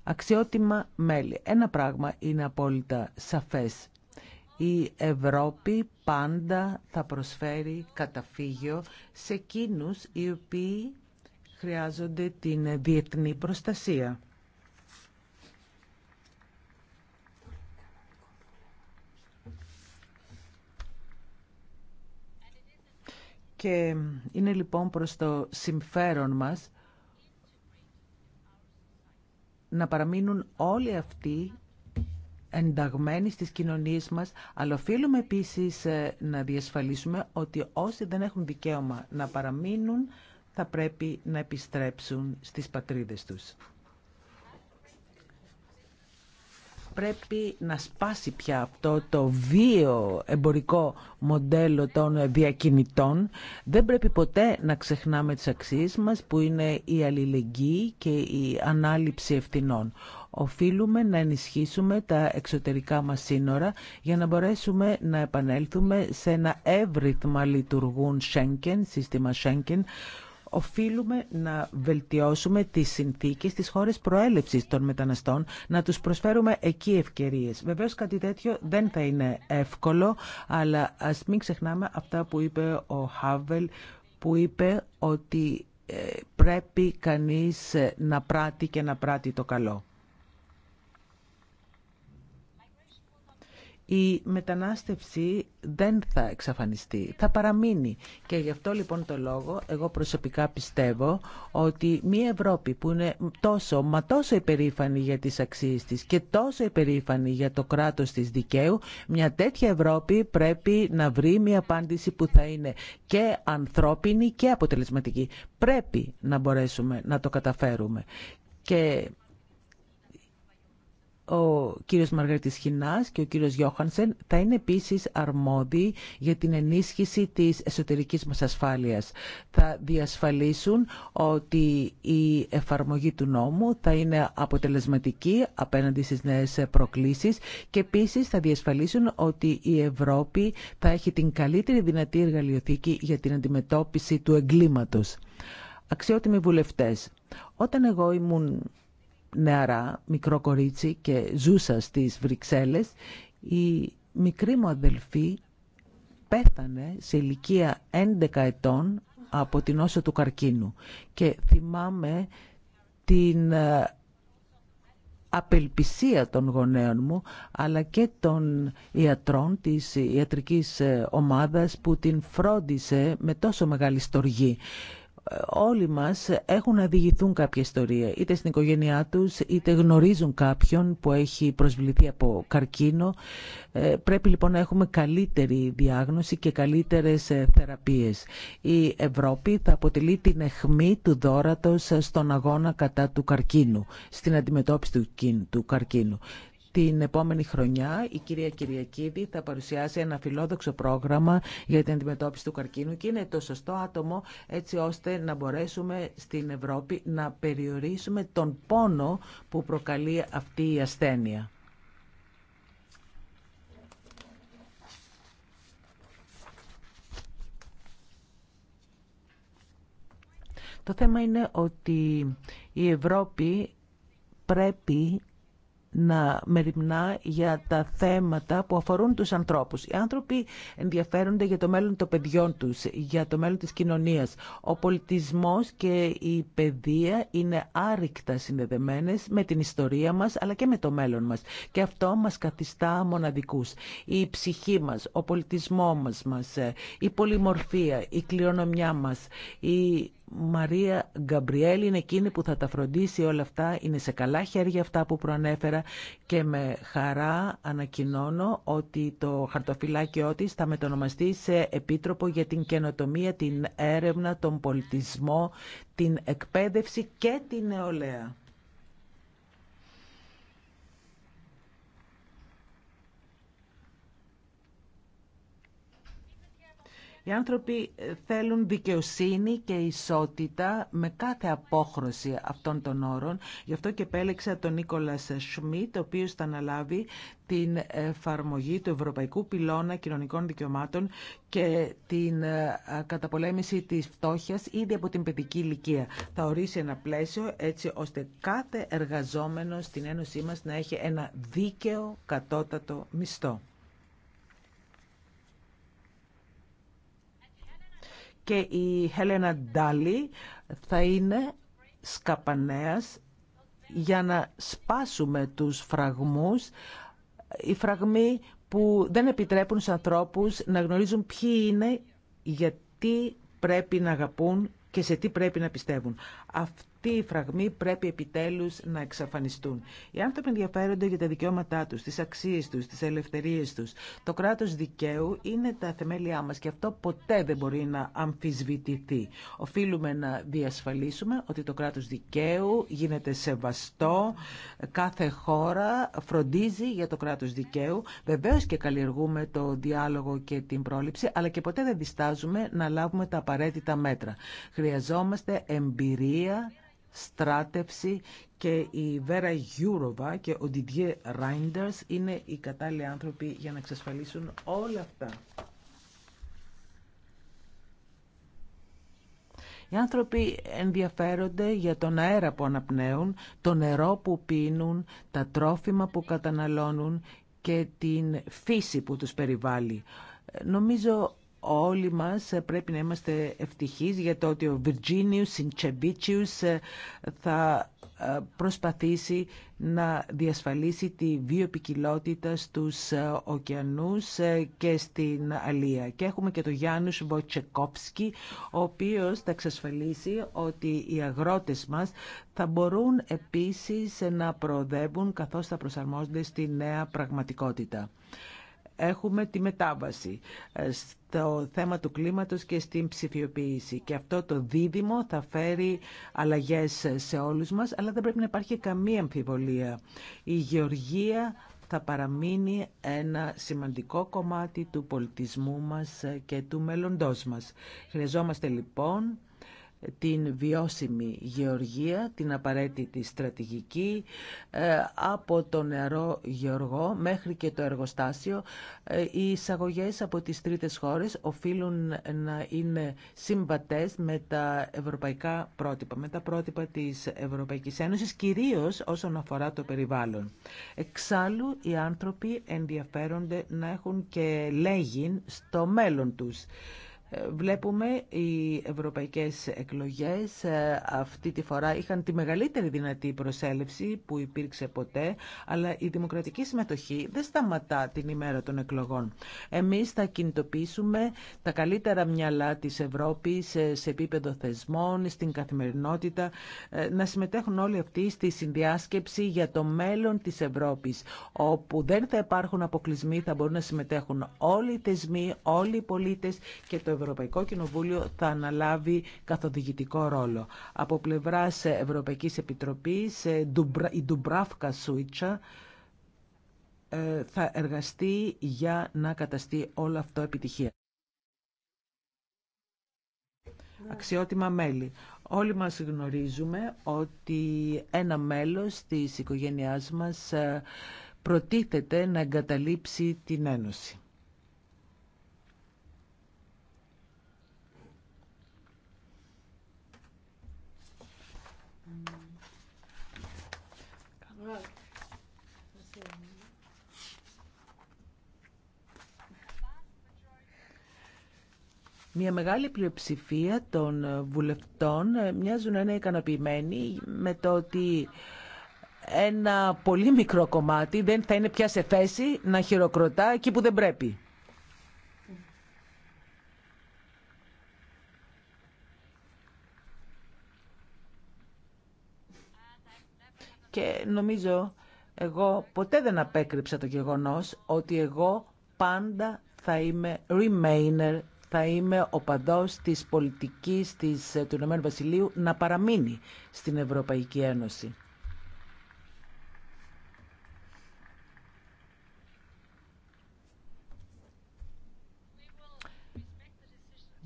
Αξιότιμα μέλη. Ένα πράγμα είναι απόλυτα σαφές. Η Ευρώπη πάντα θα προσφέρει καταφύγιο σε εκείνους οι οποίοι χρειάζονται την διεθνή προστασία. Και είναι λοιπόν προς το συμφέρον μας να παραμείνουν όλοι αυτοί ενταγμένοι στις κοινωνίες μας, αλλά οφείλουμε επίσης ε, να διασφαλίσουμε ότι όσοι δεν έχουν δικαίωμα να παραμείνουν, θα πρέπει να επιστρέψουν στις πατρίδες τους. πρέπει να σπάσει πια αυτό το βίο εμπορικό μοντέλο των διακινητών. Δεν πρέπει ποτέ να ξεχνάμε τις αξίες μας που είναι η αλληλεγγύη και η ανάληψη ευθυνών. Οφείλουμε να ενισχύσουμε τα εξωτερικά μας σύνορα για να μπορέσουμε να επανέλθουμε σε ένα εύρυθμα λειτουργούν Schengen, σύστημα Schengen Οφείλουμε να βελτιώσουμε τις συνθήκες στις χώρες προέλευσης των μεταναστών, να τους προσφέρουμε εκεί ευκαιρίες. Βεβαίως κάτι τέτοιο δεν θα είναι εύκολο, αλλά ας μην ξεχνάμε αυτά που είπε ο Χάβελ, που είπε ότι ε, πρέπει κανείς ε, να πράττει και να πράττει το καλό. η μετανάστευση δεν θα εξαφανιστεί, θα παραμείνει. Και γι' αυτό λοιπόν το λόγο εγώ προσωπικά πιστεύω ότι μια Ευρώπη που είναι τόσο μα τόσο υπερήφανη για τις αξίες της και τόσο υπερήφανη για το κράτος της δικαίου, μια τέτοια Ευρώπη πρέπει να βρει μια απάντηση που θα είναι και ανθρώπινη και αποτελεσματική. Πρέπει να μπορέσουμε να το καταφέρουμε ο κύριος Μαργαρίτης Χινάς και ο κύριος Γιώχανσεν θα είναι επίσης αρμόδιοι για την ενίσχυση της εσωτερικής μας ασφάλειας. Θα διασφαλίσουν ότι η εφαρμογή του νόμου θα είναι αποτελεσματική απέναντι στις νέες προκλήσεις και επίσης θα διασφαλίσουν ότι η Ευρώπη θα έχει την καλύτερη δυνατή εργαλειοθήκη για την αντιμετώπιση του εγκλήματος. Αξιότιμοι βουλευτές, όταν εγώ ήμουν νεαρά, μικρό κορίτσι και ζούσα στις Βρυξέλλες, η μικρή μου αδελφή πέθανε σε ηλικία 11 ετών από την όσο του καρκίνου. Και θυμάμαι την ε, απελπισία των γονέων μου, αλλά και των ιατρών της ιατρικής ε, ομάδας που την φρόντισε με τόσο μεγάλη στοργή όλοι μας έχουν να διηγηθούν κάποια ιστορία, είτε στην οικογένειά τους, είτε γνωρίζουν κάποιον που έχει προσβληθεί από καρκίνο. Ε, πρέπει λοιπόν να έχουμε καλύτερη διάγνωση και καλύτερες ε, θεραπείες. Η Ευρώπη θα αποτελεί την αιχμή του δόρατος στον αγώνα κατά του καρκίνου, στην αντιμετώπιση του καρκίνου. Την επόμενη χρονιά η κυρία Κυριακίδη θα παρουσιάσει ένα φιλόδοξο πρόγραμμα για την αντιμετώπιση του καρκίνου και είναι το σωστό άτομο έτσι ώστε να μπορέσουμε στην Ευρώπη να περιορίσουμε τον πόνο που προκαλεί αυτή η ασθένεια. Το θέμα είναι ότι η Ευρώπη πρέπει να μεριμνά για τα θέματα που αφορούν τους ανθρώπους. Οι άνθρωποι ενδιαφέρονται για το μέλλον των παιδιών τους, για το μέλλον της κοινωνίας. Ο πολιτισμός και η παιδεία είναι άρρηκτα συνδεδεμένες με την ιστορία μας, αλλά και με το μέλλον μας. Και αυτό μας καθιστά μοναδικούς. Η ψυχή μας, ο πολιτισμός μας, μας ε, η πολυμορφία, η κληρονομιά μας, η Μαρία Γκαμπριέλ είναι εκείνη που θα τα φροντίσει όλα αυτά. Είναι σε καλά χέρια αυτά που προανέφερα και με χαρά ανακοινώνω ότι το χαρτοφυλάκιό της θα μετονομαστεί σε Επίτροπο για την Καινοτομία, την Έρευνα, τον Πολιτισμό, την Εκπαίδευση και την Νεολαία. Οι άνθρωποι ε, θέλουν δικαιοσύνη και ισότητα με κάθε απόχρωση αυτών των όρων. Γι' αυτό και επέλεξα τον Νίκολα Σμιτ, ο οποίο θα αναλάβει την εφαρμογή του Ευρωπαϊκού Πυλώνα Κοινωνικών Δικαιωμάτων και την ε, καταπολέμηση της φτώχειας ήδη από την παιδική ηλικία. Θα ορίσει ένα πλαίσιο έτσι ώστε κάθε εργαζόμενο στην Ένωσή μας να έχει ένα δίκαιο κατώτατο μισθό. και η Χέλενα Ντάλι θα είναι σκαπανέας για να σπάσουμε τους φραγμούς, οι φραγμοί που δεν επιτρέπουν στους ανθρώπους να γνωρίζουν ποιοι είναι, γιατί πρέπει να αγαπούν και σε τι πρέπει να πιστεύουν αυτοί οι φραγμοί πρέπει επιτέλου να εξαφανιστούν. Οι άνθρωποι ενδιαφέρονται για τα δικαιώματά του, τι αξίε του, τι ελευθερίε του. Το κράτο δικαίου είναι τα θεμέλια μα και αυτό ποτέ δεν μπορεί να αμφισβητηθεί. Οφείλουμε να διασφαλίσουμε ότι το κράτο δικαίου γίνεται σεβαστό, κάθε χώρα φροντίζει για το κράτο δικαίου. Βεβαίω και καλλιεργούμε το διάλογο και την πρόληψη, αλλά και ποτέ δεν διστάζουμε να λάβουμε τα απαραίτητα μέτρα. Χρειαζόμαστε εμπειρία στράτευση και η Βέρα Γιούροβα και ο Didier Reinders είναι οι κατάλληλοι άνθρωποι για να εξασφαλίσουν όλα αυτά. Οι άνθρωποι ενδιαφέρονται για τον αέρα που αναπνέουν, το νερό που πίνουν, τα τρόφιμα που καταναλώνουν και την φύση που τους περιβάλλει. Ε, νομίζω όλοι μας πρέπει να είμαστε ευτυχείς για το ότι ο Βιρτζίνιου Σιντσεβίτσιους ε, θα ε, προσπαθήσει να διασφαλίσει τη βιοπικιλότητα στους ε, ωκεανούς και στην Αλία. Και έχουμε και τον Γιάννους Βοτσεκόψκι, ο οποίος θα εξασφαλίσει ότι οι αγρότες μας θα μπορούν επίσης να προοδεύουν καθώς θα προσαρμόζονται στη νέα πραγματικότητα έχουμε τη μετάβαση ε, στο θέμα του κλίματος και στην ψηφιοποίηση. Και αυτό το δίδυμο θα φέρει αλλαγές σε όλους μας, αλλά δεν πρέπει να υπάρχει καμία αμφιβολία. Η γεωργία θα παραμείνει ένα σημαντικό κομμάτι του πολιτισμού μας και του μέλλοντός μας. Χρειαζόμαστε λοιπόν την βιώσιμη γεωργία, την απαραίτητη στρατηγική, ε, από το νερό γεωργό μέχρι και το εργοστάσιο. Ε, οι εισαγωγέ από τις τρίτες χώρες οφείλουν να είναι συμβατές με τα ευρωπαϊκά πρότυπα, με τα πρότυπα της Ευρωπαϊκής Ένωσης, κυρίως όσον αφορά το περιβάλλον. Εξάλλου, οι άνθρωποι ενδιαφέρονται να έχουν και λέγην στο μέλλον τους. Βλέπουμε οι ευρωπαϊκές εκλογές ε, αυτή τη φορά είχαν τη μεγαλύτερη δυνατή προσέλευση που υπήρξε ποτέ, αλλά η δημοκρατική συμμετοχή δεν σταματά την ημέρα των εκλογών. Εμείς θα κινητοποιήσουμε τα καλύτερα μυαλά της Ευρώπης ε, σε επίπεδο θεσμών, στην καθημερινότητα, ε, να συμμετέχουν όλοι αυτοί στη συνδιάσκεψη για το μέλλον της Ευρώπης, όπου δεν θα υπάρχουν αποκλεισμοί, θα μπορούν να συμμετέχουν όλοι οι θεσμοί, όλοι οι πολίτες και το Ευρωπαϊκό Ευρωπαϊκό Κοινοβούλιο θα αναλάβει καθοδηγητικό ρόλο. Από πλευράς Ευρωπαϊκής Επιτροπής, ε, η Ντουμπράφκα Σούιτσα ε, θα εργαστεί για να καταστεί όλο αυτό επιτυχία. Αξιότιμα μέλη. Όλοι μας γνωρίζουμε ότι ένα μέλος της οικογένειάς μας ε, προτίθεται να εγκαταλείψει την Ένωση. Μια μεγάλη πλειοψηφία των ε, βουλευτών ε, μοιάζουν να είναι ικανοποιημένοι με το ότι ένα πολύ μικρό κομμάτι δεν θα είναι πια σε θέση να χειροκροτά εκεί που δεν πρέπει. Και νομίζω εγώ ποτέ δεν απέκρυψα το γεγονός ότι εγώ πάντα θα είμαι remainer θα είμαι ο παντός της πολιτικής της, ε, του Ηνωμένου Βασιλείου να παραμείνει στην Ευρωπαϊκή Ένωση.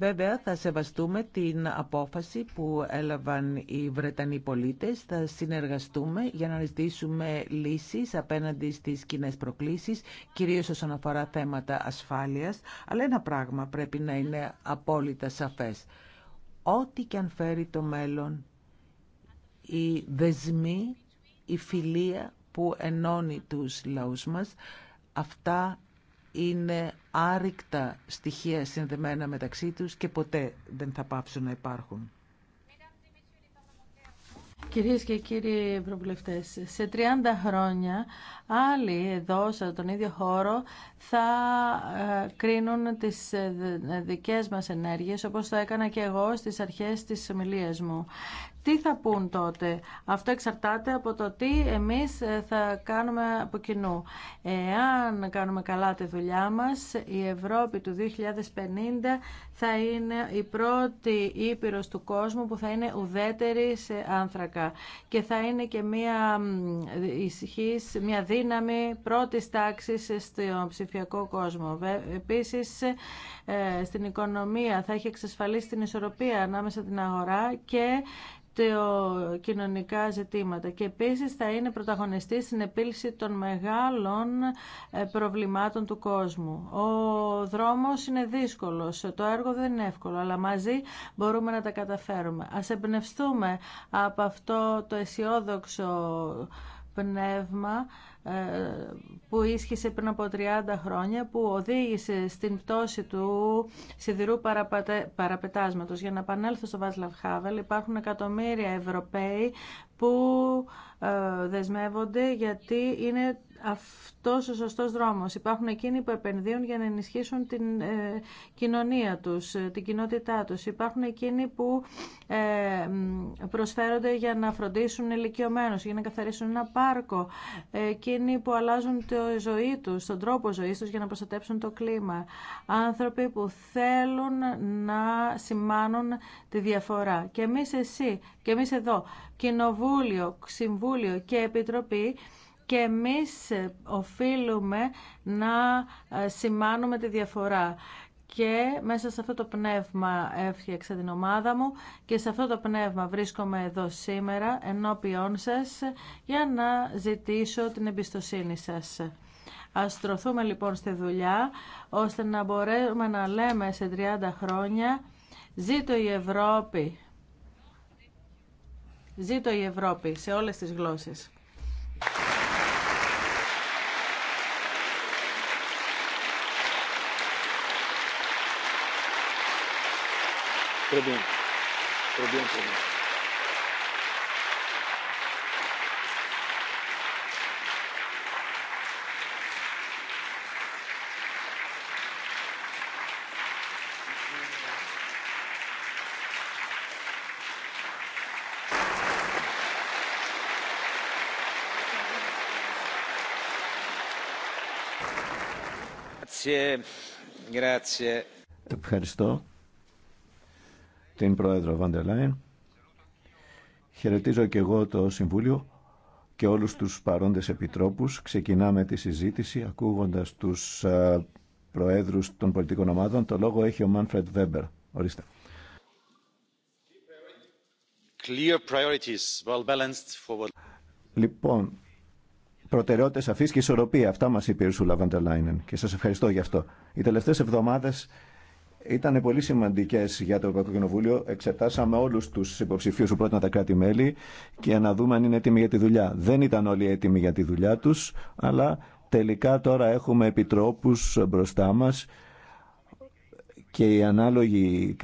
Βέβαια θα σεβαστούμε την απόφαση που έλαβαν οι Βρετανοί πολίτες. Θα συνεργαστούμε για να ζητήσουμε λύσεις απέναντι στις κοινέ προκλήσεις, κυρίως όσον αφορά θέματα ασφάλειας. Αλλά ένα πράγμα πρέπει να είναι απόλυτα σαφές. Ό,τι και αν φέρει το μέλλον, η δεσμή, η φιλία που ενώνει τους λαούς μας, αυτά είναι άρρηκτα στοιχεία συνδεμένα μεταξύ τους και ποτέ δεν θα πάψουν να υπάρχουν. Κυρίες και κύριοι Ευρωβουλευτές, σε 30 χρόνια άλλοι εδώ, σε τον ίδιο χώρο, θα ε, κρίνουν τις ε, ε, δικές μας ενέργειες, όπως το έκανα και εγώ στις αρχές της ομιλίας μου τι θα πούν τότε. Αυτό εξαρτάται από το τι εμείς ε, θα κάνουμε από κοινού. Εάν κάνουμε καλά τη δουλειά μας, η Ευρώπη του 2050 θα είναι η πρώτη ήπειρος του κόσμου που θα είναι ουδέτερη σε άνθρακα και θα είναι και μια ισχύς, μια δύναμη πρώτης τάξης στο ψηφιακό κόσμο. Επίσης, ε, στην οικονομία θα έχει εξασφαλίσει την ισορροπία ανάμεσα την αγορά και κοινωνικά ζητήματα και επίσης θα είναι πρωταγωνιστή στην επίλυση των μεγάλων ε, προβλημάτων του κόσμου. Ο δρόμος είναι δύσκολος, το έργο δεν είναι εύκολο, αλλά μαζί μπορούμε να τα καταφέρουμε. Ας εμπνευστούμε από αυτό το αισιόδοξο πνεύμα ε, που ίσχυσε πριν από 30 χρόνια που οδήγησε στην πτώση του σιδηρού παραπετάσματος. Για να επανέλθω στο Βάσλαβ Χάβελ υπάρχουν εκατομμύρια Ευρωπαίοι που ε, δεσμεύονται γιατί είναι αυτός ο σωστό δρόμο. Υπάρχουν εκείνοι που επενδύουν για να ενισχύσουν την ε, κοινωνία τους, ε, την κοινότητά τους. Υπάρχουν εκείνοι που ε, προσφέρονται για να φροντίσουν ηλικιωμένου, για να καθαρίσουν ένα πάρκο. Εκείνοι που αλλάζουν τη το ζωή τους, τον τρόπο ζωής τους για να προστατέψουν το κλίμα. Άνθρωποι που θέλουν να σημάνουν τη διαφορά. Και εμεί εσύ, και εμεί εδώ, Κοινοβούλιο, Συμβούλιο και Επιτροπή και εμείς οφείλουμε να ε, σημάνουμε τη διαφορά. Και μέσα σε αυτό το πνεύμα έφτιαξα την ομάδα μου και σε αυτό το πνεύμα βρίσκομαι εδώ σήμερα ενώπιόν σας για να ζητήσω την εμπιστοσύνη σας. Ας στρωθούμε λοιπόν στη δουλειά ώστε να μπορέσουμε να λέμε σε 30 χρόνια «Ζήτω η Ευρώπη». Ζήτω η Ευρώπη σε όλες τις γλώσσες. Très bien. Très bien, très bien. Ευχαριστώ την Πρόεδρο Βάντερ Λάιν. Χαιρετίζω και εγώ το Συμβούλιο και όλους τους παρόντες επιτρόπους. Ξεκινάμε τη συζήτηση ακούγοντας τους ε, Προέδρους των πολιτικών ομάδων. Το λόγο έχει ο Μάνφρετ Βέμπερ. Ορίστε. Λοιπόν, προτεραιότητες αφής και ισορροπία. Αυτά μας είπε η Ρουσούλα και σας ευχαριστώ γι' αυτό. Οι τελευταίες εβδομάδες ήταν πολύ σημαντικέ για το Ευρωπαϊκό Κοινοβούλιο. Εξετάσαμε όλου του υποψηφίου που πρότειναν τα κράτη-μέλη και να δούμε αν είναι έτοιμοι για τη δουλειά. Δεν ήταν όλοι έτοιμοι για τη δουλειά του, αλλά τελικά τώρα έχουμε επιτρόπου μπροστά μα και η ανάλογη,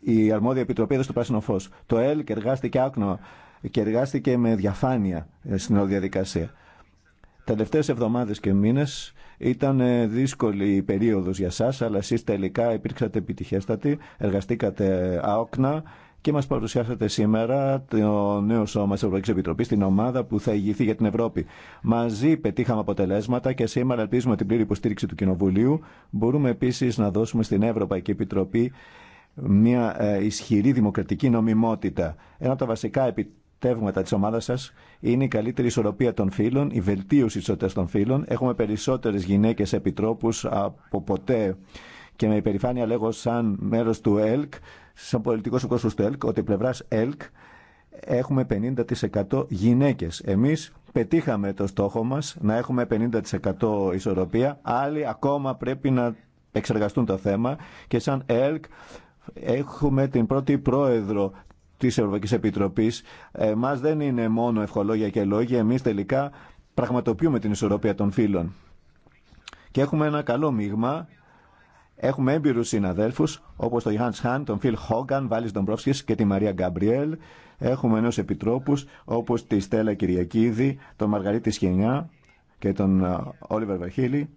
η, αρμόδια επιτροπή έδωσε το πράσινο φω. Το ΕΛΚ εργάστηκε άκνο και εργάστηκε με διαφάνεια στην όλη διαδικασία τελευταίες εβδομάδες και μήνες ήταν ε, δύσκολη η περίοδος για σας, αλλά εσείς τελικά υπήρξατε επιτυχέστατοι, εργαστήκατε ε, άοκνα και μας παρουσιάσατε σήμερα το νέο σώμα της Ευρωπαϊκής Επιτροπής, την ομάδα που θα ηγηθεί για την Ευρώπη. Μαζί πετύχαμε αποτελέσματα και σήμερα ελπίζουμε την πλήρη υποστήριξη του Κοινοβουλίου. Μπορούμε επίσης να δώσουμε στην Ευρωπαϊκή Επιτροπή μια ε, ισχυρή δημοκρατική νομιμότητα. Ένα από τα βασικά τη ομάδα σα είναι η καλύτερη ισορροπία των φύλων, η βελτίωση τη ισότητα των φύλων. Έχουμε περισσότερε γυναίκε επιτρόπου από ποτέ. Και με υπερηφάνεια λέγω σαν μέρο του ΕΛΚ, σαν πολιτικό ο του ΕΛΚ, ότι πλευρά ΕΛΚ έχουμε 50% γυναίκες. Εμείς πετύχαμε το στόχο μας να έχουμε 50% ισορροπία. Άλλοι ακόμα πρέπει να εξεργαστούν το θέμα και σαν ΕΛΚ έχουμε την πρώτη πρόεδρο Τη Ευρωπαϊκή Επιτροπή. Εμά δεν είναι μόνο ευχολόγια και λόγια, εμείς τελικά πραγματοποιούμε την ισορροπία των φίλων. Και έχουμε ένα καλό μείγμα Έχουμε έμπειρου συναδέλφου όπω τον Hans Χάν, τον Φιλ Χόγκαν, Βάλι Ντομπρόφσκη και τη Μαρία Γκαμπριέλ. Έχουμε νέου επιτρόπου όπω τη Στέλλα Κυριακίδη, τον Μαργαρίτη Σχενιά και τον ε, Όλιβερ Βαχίλη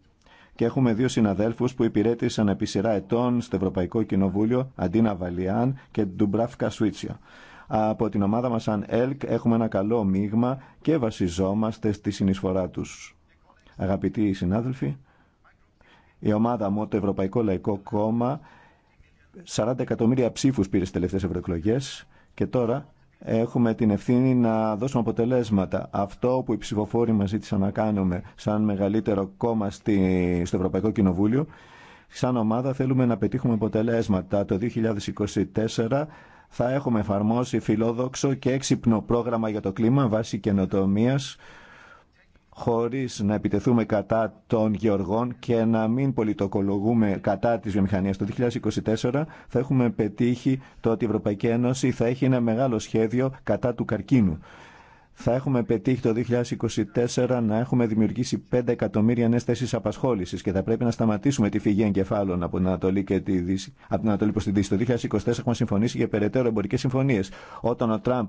και έχουμε δύο συναδέλφους που υπηρέτησαν επί σειρά ετών στο Ευρωπαϊκό Κοινοβούλιο, Αντίνα Βαλιάν και Ντουμπράφκα Σουίτσια. Από την ομάδα μας σαν ΕΛΚ έχουμε ένα καλό μείγμα και βασιζόμαστε στη συνεισφορά τους. Αγαπητοί συνάδελφοι, η ομάδα μου, το Ευρωπαϊκό Λαϊκό Κόμμα, 40 εκατομμύρια ψήφους πήρε στις τελευταίες ευρωεκλογές και τώρα έχουμε την ευθύνη να δώσουμε αποτελέσματα. Αυτό που οι ψηφοφόροι μας ζήτησαν να κάνουμε σαν μεγαλύτερο κόμμα στη, στο Ευρωπαϊκό Κοινοβούλιο, σαν ομάδα θέλουμε να πετύχουμε αποτελέσματα. Το 2024 θα έχουμε εφαρμόσει φιλόδοξο και έξυπνο πρόγραμμα για το κλίμα βάσει καινοτομίας χωρίς να επιτεθούμε κατά των γεωργών και να μην πολιτοκολογούμε κατά της βιομηχανίας. Το 2024 θα έχουμε πετύχει το ότι η Ευρωπαϊκή Ένωση θα έχει ένα μεγάλο σχέδιο κατά του καρκίνου θα έχουμε πετύχει το 2024 να έχουμε δημιουργήσει 5 εκατομμύρια νέε θέσει απασχόληση και θα πρέπει να σταματήσουμε τη φυγή εγκεφάλων από την Ανατολή, και από την Ανατολή προς Δύση. Το 2024 έχουμε συμφωνήσει για περαιτέρω εμπορικέ συμφωνίε. Όταν ο Τραμπ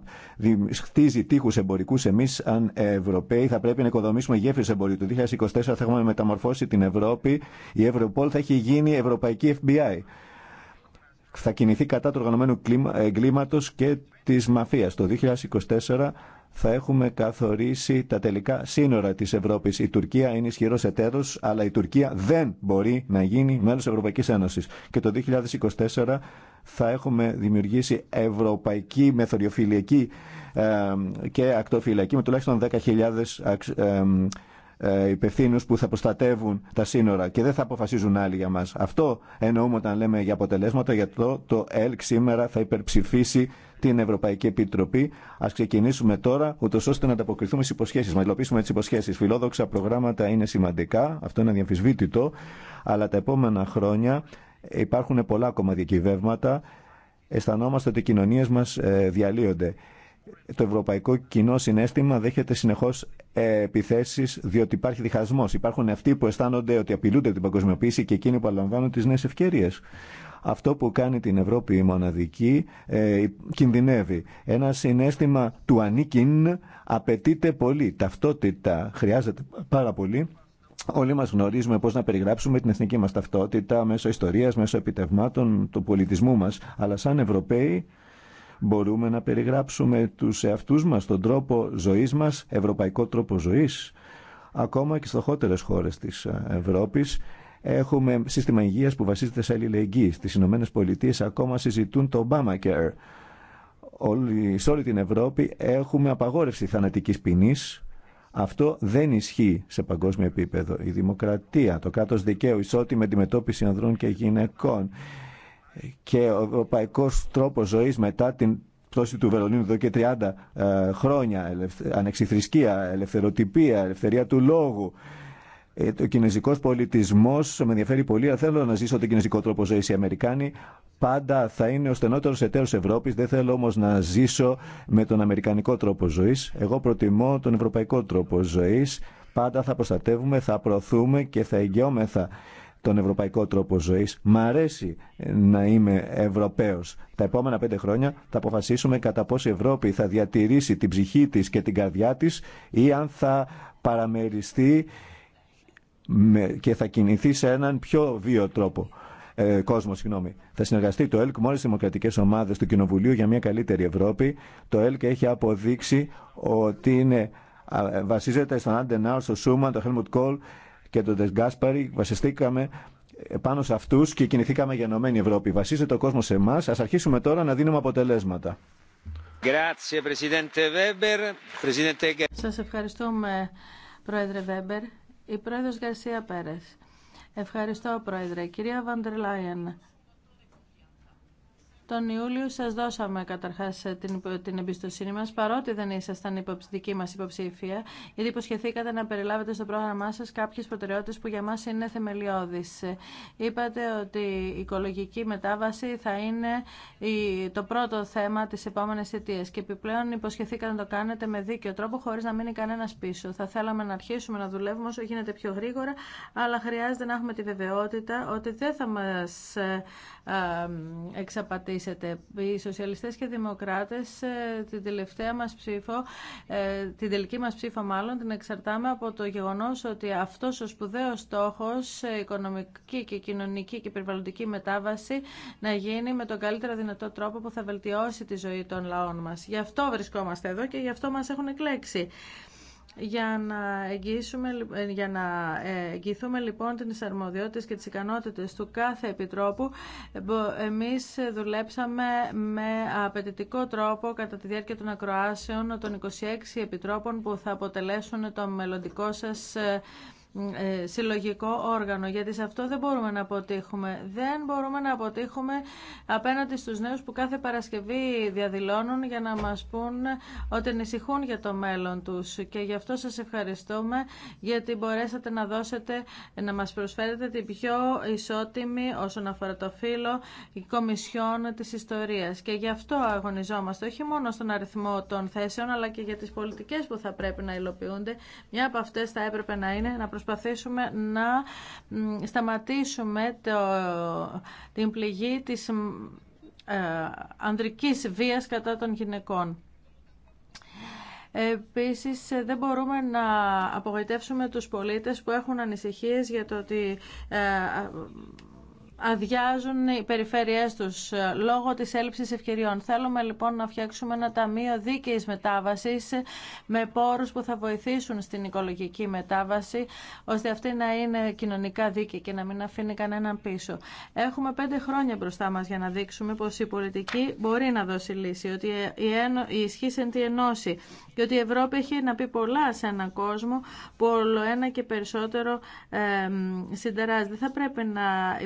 χτίζει τείχου εμπορικού, εμεί, αν Ευρωπαίοι, θα πρέπει να οικοδομήσουμε γέφυρε εμπορίου. Το 2024 θα έχουμε μεταμορφώσει την Ευρώπη. Η Ευρωπόλ θα έχει γίνει Ευρωπαϊκή FBI θα κινηθεί κατά του οργανωμένου εγκλήματο και τη μαφία. Το 2024 θα έχουμε καθορίσει τα τελικά σύνορα της Ευρώπης. Η Τουρκία είναι ισχυρός εταίρος, αλλά η Τουρκία δεν μπορεί να γίνει μέλος Ευρωπαϊκής Ένωσης. Και το 2024 θα έχουμε δημιουργήσει ευρωπαϊκή μεθοριοφιλιακή και ακτοφυλακή με τουλάχιστον 10.000 ε, υπευθύνου που θα προστατεύουν τα σύνορα και δεν θα αποφασίζουν άλλοι για μας. Αυτό εννοούμε όταν λέμε για αποτελέσματα, γιατί το, το ΕΛΚ σήμερα θα υπερψηφίσει την Ευρωπαϊκή Επιτροπή. Α ξεκινήσουμε τώρα, ούτω ώστε να ανταποκριθούμε στι υποσχέσει μα, υλοποιήσουμε τι υποσχέσει. Φιλόδοξα προγράμματα είναι σημαντικά, αυτό είναι αδιαμφισβήτητο, αλλά τα επόμενα χρόνια υπάρχουν πολλά ακόμα διακυβεύματα. Αισθανόμαστε ότι οι κοινωνίε μα ε, διαλύονται. Το ευρωπαϊκό κοινό συνέστημα δέχεται συνεχώ ε, επιθέσει διότι υπάρχει διχασμό. Υπάρχουν αυτοί που αισθάνονται ότι απειλούνται την παγκοσμιοποίηση και εκείνοι που αλαμβάνουν τι νέε ευκαιρίε αυτό που κάνει την Ευρώπη η μοναδική ε, κινδυνεύει. Ένα συνέστημα του ανήκειν απαιτείται πολύ. Ταυτότητα χρειάζεται πάρα πολύ. Όλοι μας γνωρίζουμε πώς να περιγράψουμε την εθνική μας ταυτότητα μέσω ιστορίας, μέσω επιτευμάτων του πολιτισμού μας. Αλλά σαν Ευρωπαίοι μπορούμε να περιγράψουμε τους εαυτούς μας, τον τρόπο ζωής μας, ευρωπαϊκό τρόπο ζωής. Ακόμα και στοχότερες χώρες της Ευρώπης Έχουμε σύστημα υγείας που βασίζεται σε αλληλεγγύη. Στις Ηνωμένες Πολιτείες ακόμα συζητούν το Obamacare. Όλη, σε όλη την Ευρώπη έχουμε απαγόρευση θανατικής ποινή. Αυτό δεν ισχύει σε παγκόσμιο επίπεδο. Η δημοκρατία, το κράτος δικαίου, ισότιμη αντιμετώπιση ανδρών και γυναικών και ο ευρωπαϊκό τρόπος ζωής μετά την πτώση του Βερολίνου εδώ και 30 ε, χρόνια, ανεξιθρησκεία, ελευθεροτυπία, ελευθερία του λόγου, ε, ο κινέζικο πολιτισμό με ενδιαφέρει πολύ. Αν θέλω να ζήσω τον κινέζικο τρόπο ζωή, οι Αμερικάνοι πάντα θα είναι ο στενότερο εταίρο Ευρώπη. Δεν θέλω όμω να ζήσω με τον αμερικανικό τρόπο ζωή. Εγώ προτιμώ τον ευρωπαϊκό τρόπο ζωή. Πάντα θα προστατεύουμε, θα προωθούμε και θα εγγυόμεθα τον ευρωπαϊκό τρόπο ζωή. Μ' αρέσει να είμαι Ευρωπαίο. Τα επόμενα πέντε χρόνια θα αποφασίσουμε κατά πόσο η Ευρώπη θα διατηρήσει την ψυχή τη και την καρδιά τη ή αν θα παραμεριστεί και θα κινηθεί σε έναν πιο βίο τρόπο. Ε, κόσμο, συγγνώμη. Θα συνεργαστεί το ΕΛΚ με όλε τι δημοκρατικέ ομάδε του Κοινοβουλίου για μια καλύτερη Ευρώπη. Το ΕΛΚ έχει αποδείξει ότι είναι, βασίζεται στον Άντε Αντενάου, στο Σούμαν, τον Χέλμουντ Κόλ και τον Γκάσπαρη. Βασιστήκαμε πάνω σε αυτού και κινηθήκαμε για ενωμένη Ευρώπη. Βασίζεται ο κόσμο σε εμά. Α αρχίσουμε τώρα να δίνουμε αποτελέσματα. Σα ευχαριστούμε, Πρόεδρε Βέμπερ. Η πρόεδρος Γκαρσία Πέρες. Ευχαριστώ, Πρόεδρε. Κυρία Βαντερ τον Ιούλιο σας δώσαμε καταρχάς ε, την, την εμπιστοσύνη μας, παρότι δεν ήσασταν υποψη, δική μας υποψήφια, γιατί υποσχεθήκατε να περιλάβετε στο πρόγραμμά σας κάποιες προτεραιότητες που για μας είναι θεμελιώδεις. Είπατε ότι η οικολογική μετάβαση θα είναι το πρώτο θέμα της επόμενης αιτίας και επιπλέον υποσχεθήκατε να το κάνετε με δίκαιο τρόπο χωρίς να μείνει κανένας πίσω. Θα θέλαμε να αρχίσουμε να δουλεύουμε όσο γίνεται πιο γρήγορα, αλλά χρειάζεται να έχουμε τη βεβαιότητα ότι δεν θα μας ε, ε, εξαπατήσει οι σοσιαλιστές και δημοκράτες ε, την τελευταία μας ψήφο, ε, την τελική μας ψήφο μάλλον, την εξαρτάμε από το γεγονός ότι αυτός ο σπουδαίος στόχος, ε, οικονομική και κοινωνική και περιβαλλοντική μετάβαση, να γίνει με τον καλύτερο δυνατό τρόπο που θα βελτιώσει τη ζωή των λαών μας. Γι' αυτό βρισκόμαστε εδώ και γι' αυτό μας έχουν εκλέξει. Για να, ε, για να ε, εγγυηθούμε λοιπόν τι αρμοδιότητε και τις ικανότητες του κάθε επιτρόπου, ε, εμείς δουλέψαμε με απαιτητικό τρόπο κατά τη διάρκεια των ακροάσεων των 26 επιτρόπων που θα αποτελέσουν το μελλοντικό σας ε, συλλογικό όργανο, γιατί σε αυτό δεν μπορούμε να αποτύχουμε. Δεν μπορούμε να αποτύχουμε απέναντι στους νέους που κάθε Παρασκευή διαδηλώνουν για να μας πούν ότι ανησυχούν για το μέλλον τους. Και γι' αυτό σας ευχαριστούμε, γιατί μπορέσατε να δώσετε, να μας προσφέρετε την πιο ισότιμη όσον αφορά το φύλλο κομισιόν της ιστορίας. Και γι' αυτό αγωνιζόμαστε, όχι μόνο στον αριθμό των θέσεων, αλλά και για τις πολιτικές που θα πρέπει να υλοποιούνται. Μια από αυτές θα έπρεπε να είναι να προσπαθήσουμε προσπαθήσουμε να σταματήσουμε το, την πληγή της ε, ανδρικής βίας κατά των γυναικών. Επίσης, δεν μπορούμε να απογοητεύσουμε τους πολίτες που έχουν ανησυχίες για το ότι ε, αδειάζουν οι περιφέρειές τους ε, λόγω της έλλειψης ευκαιριών. Θέλουμε λοιπόν να φτιάξουμε ένα ταμείο δίκαιης μετάβασης ε, με πόρους που θα βοηθήσουν στην οικολογική μετάβαση ώστε αυτή να είναι κοινωνικά δίκαιη και να μην αφήνει κανέναν πίσω. Έχουμε πέντε χρόνια μπροστά μας για να δείξουμε πως η πολιτική μπορεί να δώσει λύση, ότι η, η ισχύ τη ενώση και ότι η Ευρώπη έχει να πει πολλά σε έναν κόσμο που όλο ένα και περισσότερο ε, συντεράζει. Δεν θα πρέπει να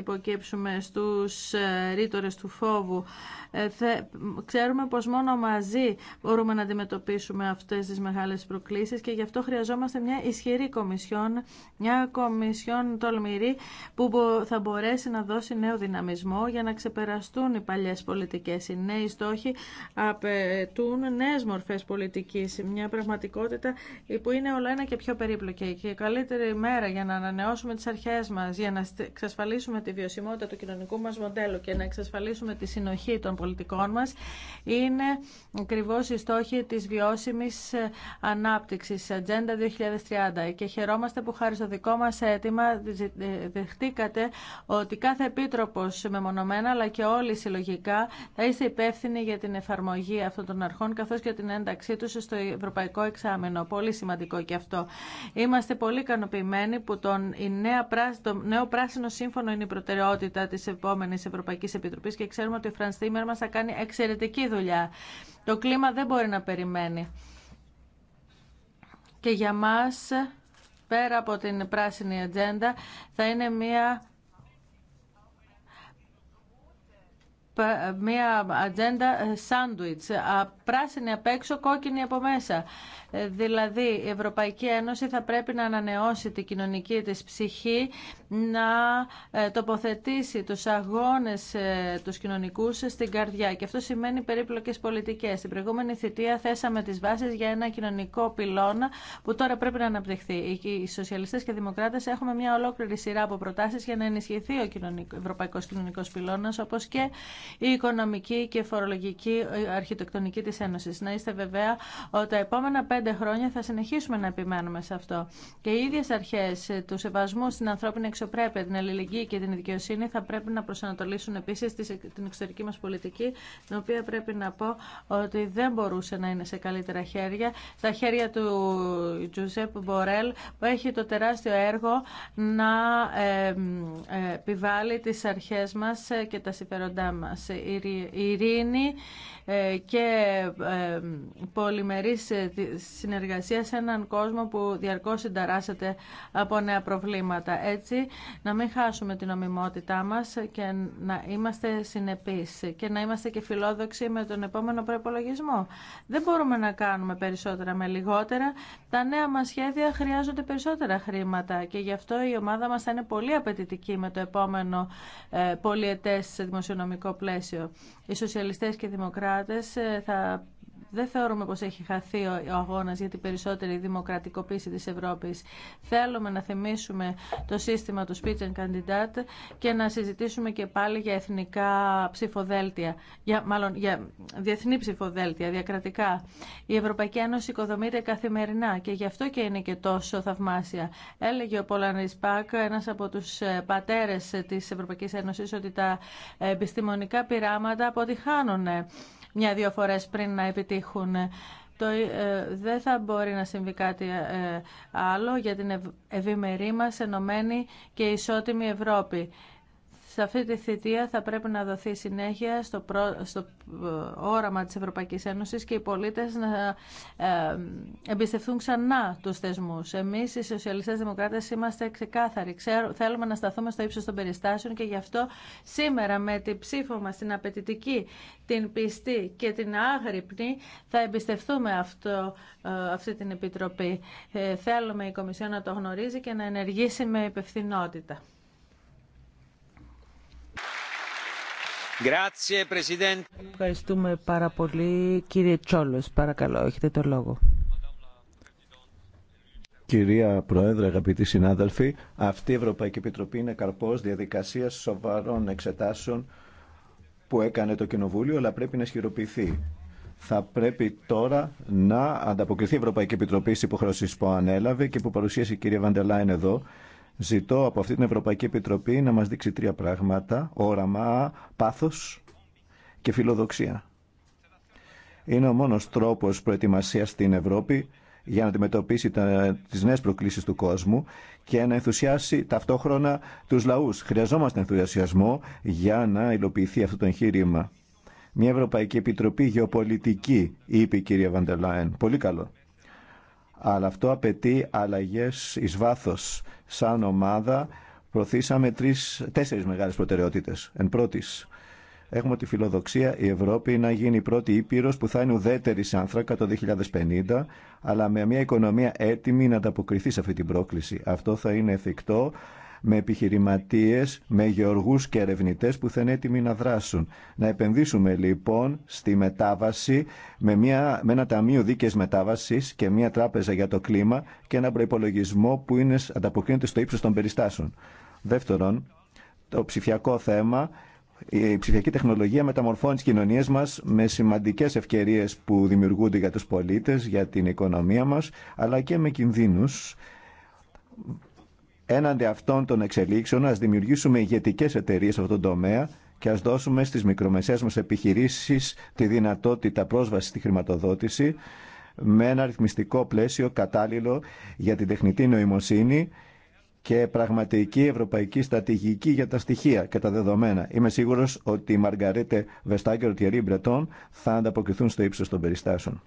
Στου στους ε, ρήτορες του φόβου. Ε, ξέρουμε πως μόνο μαζί μπορούμε να αντιμετωπίσουμε αυτές τις μεγάλες προκλήσεις και γι' αυτό χρειαζόμαστε μια ισχυρή κομισιόν, μια κομισιόν τολμηρή που θα μπορέσει να δώσει νέο δυναμισμό για να ξεπεραστούν οι παλιές πολιτικές. Οι νέοι στόχοι απαιτούν νέες μορφές πολιτικής, μια πραγματικότητα που είναι όλο ένα και πιο περίπλοκη. Και καλύτερη μέρα για να ανανεώσουμε τις αρχές μας, για να εξασφαλίσουμε τη βιωσιμότητα βιωσιμότητα του κοινωνικού μας μοντέλο και να εξασφαλίσουμε τη συνοχή των πολιτικών μας είναι ακριβώ η στόχη της βιώσιμης ε, ανάπτυξης, Agenda 2030. Και χαιρόμαστε που χάρη στο δικό μας αίτημα ε, δεχτήκατε ότι κάθε επίτροπος μεμονωμένα αλλά και όλοι συλλογικά θα είστε υπεύθυνοι για την εφαρμογή αυτών των αρχών καθώς και την ένταξή τους στο Ευρωπαϊκό εξάμεινο. Πολύ σημαντικό και αυτό. Είμαστε πολύ ικανοποιημένοι που η νέα, το νέο πράσινο σύμφωνο είναι η προτεραιότητα Τη τη Ευρωπαϊκή Ευρωπαϊκή Επιτροπή και ξέρουμε ότι ο Τίμερ μα θα κάνει εξαιρετική δουλειά. Το κλίμα δεν μπορεί να περιμένει. Και για μα, πέρα από την πράσινη ατζέντα, θα είναι μια μια ατζέντα σάντουιτς πράσινη απ' έξω, κόκκινη από μέσα. Ε, δηλαδή, η Ευρωπαϊκή Ένωση θα πρέπει να ανανεώσει την κοινωνική της ψυχή, να ε, τοποθετήσει τους αγώνες ε, τους κοινωνικούς στην καρδιά. Και αυτό σημαίνει περίπλοκες πολιτικές. Στην προηγούμενη θητεία θέσαμε τις βάσεις για ένα κοινωνικό πυλώνα που τώρα πρέπει να αναπτυχθεί. Οι σοσιαλιστές και δημοκράτες έχουμε μια ολόκληρη σειρά από προτάσεις για να ενισχυθεί ο κοινωνικό, ευρωπαϊκός κοινωνικός πυλώνας, όπως και η οικονομική και φορολογική αρχιτεκτονική της Ένωση. Να είστε βεβαία ότι τα επόμενα πέντε χρόνια θα συνεχίσουμε να επιμένουμε σε αυτό. Και οι ίδιε αρχέ, ε, του σεβασμού στην ανθρώπινη εξωπρέπεια, την αλληλεγγύη και την δικαιοσύνη θα πρέπει να προσανατολίσουν επίση την εξωτερική μα πολιτική, την οποία πρέπει να πω ότι δεν μπορούσε να είναι σε καλύτερα χέρια. Τα χέρια του Τζουζέπ Μπορέλ που έχει το τεράστιο έργο να ε, επιβάλλει τις αρχές μας ε, και τα συμφέροντά μας. Η ειρήνη και πολυμερής ε, συνεργασία σε έναν κόσμο που διαρκώς συνταράσσεται από νέα προβλήματα. Έτσι, να μην χάσουμε την ομιμότητά μας και να είμαστε συνεπείς και να είμαστε και φιλόδοξοι με τον επόμενο προπολογισμό. Δεν μπορούμε να κάνουμε περισσότερα με λιγότερα. Τα νέα μας σχέδια χρειάζονται περισσότερα χρήματα και γι' αυτό η ομάδα μας θα είναι πολύ απαιτητική με το επόμενο ε, πολιετές δημοσιονομικό πλαίσιο. Οι σοσιαλιστές και οι δημοκράτες ε, θα δεν θεωρούμε πως έχει χαθεί ο αγώνας για την περισσότερη δημοκρατικοποίηση της Ευρώπης. Θέλουμε να θυμίσουμε το σύστημα του speech and candidate και να συζητήσουμε και πάλι για εθνικά ψηφοδέλτια, για, μάλλον για διεθνή ψηφοδέλτια, διακρατικά. Η Ευρωπαϊκή Ένωση οικοδομείται καθημερινά και γι' αυτό και είναι και τόσο θαυμάσια. Έλεγε ο Πολανής Πακ, ένας από τους ε, πατέρες της Ευρωπαϊκής Ένωσης, ότι τα ε, επιστημονικά πειράματα αποτυχάνουν μια-δύο φορές πριν να επιτύχουν. Το, ε, δεν θα μπορεί να συμβεί κάτι ε, άλλο για την ευημερή μας ενωμένη και ισότιμη Ευρώπη. Σε αυτή τη θητεία θα πρέπει να δοθεί συνέχεια στο, στο ε, όραμα της Ευρωπαϊκής Ένωσης και οι πολίτες να ε, εμπιστευτούν ξανά τους θεσμούς. Εμείς οι σοσιαλιστές δημοκράτες είμαστε ξεκάθαροι. Ξέρω, θέλουμε να σταθούμε στο ύψος των περιστάσεων και γι' αυτό σήμερα με την ψήφο μας, την απαιτητική, την πιστή και την άγρυπνη θα εμπιστευτούμε αυτό, ε, αυτή την Επιτροπή. θέλουμε η Κομισιό να το γνωρίζει και να ενεργήσει με υπευθυνότητα. Ευχαριστούμε πάρα πολύ. Κύριε Τσόλος, παρακαλώ, έχετε το λόγο. Κυρία Πρόεδρε, αγαπητοί συνάδελφοι, αυτή η Ευρωπαϊκή Επιτροπή είναι καρπός διαδικασίας σοβαρών εξετάσεων που έκανε το Κοινοβούλιο, αλλά πρέπει να ισχυροποιηθεί. Θα πρέπει τώρα να ανταποκριθεί η Ευρωπαϊκή Επιτροπή στι υποχρεώσει που ανέλαβε και που παρουσίασε η κυρία Βαντελάιν εδώ Ζητώ από αυτή την Ευρωπαϊκή Επιτροπή να μας δείξει τρία πράγματα, όραμα, πάθος και φιλοδοξία. Είναι ο μόνος τρόπος προετοιμασίας στην Ευρώπη για να αντιμετωπίσει τα, τις νέες προκλήσεις του κόσμου και να ενθουσιάσει ταυτόχρονα τους λαούς. Χρειαζόμαστε ενθουσιασμό για να υλοποιηθεί αυτό το εγχείρημα. Μια Ευρωπαϊκή Επιτροπή Γεωπολιτική, είπε η κυρία Βαντελάεν. Πολύ καλό αλλά αυτό απαιτεί αλλαγές εις βάθος. Σαν ομάδα προωθήσαμε τρεις, τέσσερις μεγάλες προτεραιότητες. Εν πρώτης, έχουμε τη φιλοδοξία η Ευρώπη να γίνει η πρώτη ήπειρος που θα είναι ουδέτερη σε άνθρακα το 2050, αλλά με μια οικονομία έτοιμη να ανταποκριθεί σε αυτή την πρόκληση. Αυτό θα είναι εφικτό με επιχειρηματίε με γεωργού και ερευνητέ που θα είναι έτοιμοι να δράσουν. Να επενδύσουμε λοιπόν στη μετάβαση με, μια, με ένα ταμείο δίκαιη μετάβαση και μια τράπεζα για το κλίμα και ένα προπολογισμό που είναι, ανταποκρίνεται στο ύψο των περιστάσεων. Δεύτερον, το ψηφιακό θέμα η ψηφιακή τεχνολογία μεταμορφώνει τι κοινωνίε μα με σημαντικέ ευκαιρίε που δημιουργούνται για του πολίτε, για την οικονομία μα, αλλά και με κινδύνους έναντι αυτών των εξελίξεων ας δημιουργήσουμε ηγετικέ εταιρείε σε αυτόν τον τομέα και α δώσουμε στις μικρομεσαίες μας επιχειρήσεις τη δυνατότητα πρόσβαση στη χρηματοδότηση με ένα ρυθμιστικό πλαίσιο κατάλληλο για την τεχνητή νοημοσύνη και πραγματική ευρωπαϊκή στρατηγική για τα στοιχεία και τα δεδομένα. Είμαι σίγουρο ότι η Μαργαρέτε Βεστάγκερ και ο Μπρετών θα ανταποκριθούν στο ύψο των περιστάσεων.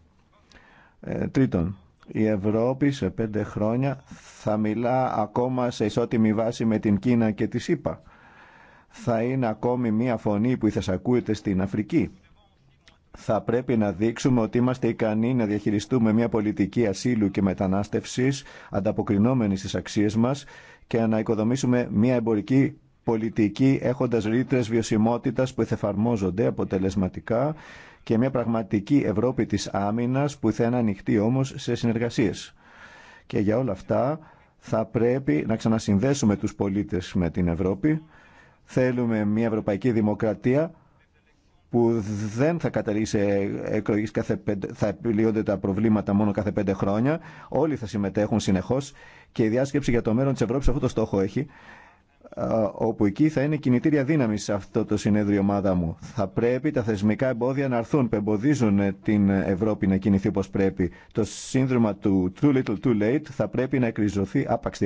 Ε, τρίτον, η Ευρώπη σε πέντε χρόνια θα μιλά ακόμα σε ισότιμη βάση με την Κίνα και τη ΣΥΠΑ. Θα είναι ακόμη μία φωνή που θα ακούεται στην Αφρική. Θα πρέπει να δείξουμε ότι είμαστε ικανοί να διαχειριστούμε μια πολιτική ασύλου και μετανάστευσης ανταποκρινόμενη στις αξίες μας και να οικοδομήσουμε μια εμπορική πολιτική έχοντας ρήτρες βιωσιμότητας που θα εφαρμόζονται αποτελεσματικά και μια πραγματική Ευρώπη της άμυνας που θα είναι ανοιχτή όμως σε συνεργασίες. Και για όλα αυτά θα πρέπει να ξανασυνδέσουμε τους πολίτες με την Ευρώπη. Θέλουμε μια ευρωπαϊκή δημοκρατία που δεν θα καταλήγει σε εκλογές κάθε πέντε, θα επιλύονται τα προβλήματα μόνο κάθε πέντε χρόνια. Όλοι θα συμμετέχουν συνεχώς και η διάσκεψη για το μέλλον της Ευρώπης αυτό το στόχο έχει όπου εκεί θα είναι κινητήρια δύναμη σε αυτό το συνέδριο ομάδα μου. Θα πρέπει τα θεσμικά εμπόδια να έρθουν, που εμποδίζουν ε, την Ευρώπη να κινηθεί όπως πρέπει. Το σύνδρομα του too little too late θα πρέπει να εκριζωθεί άπαξ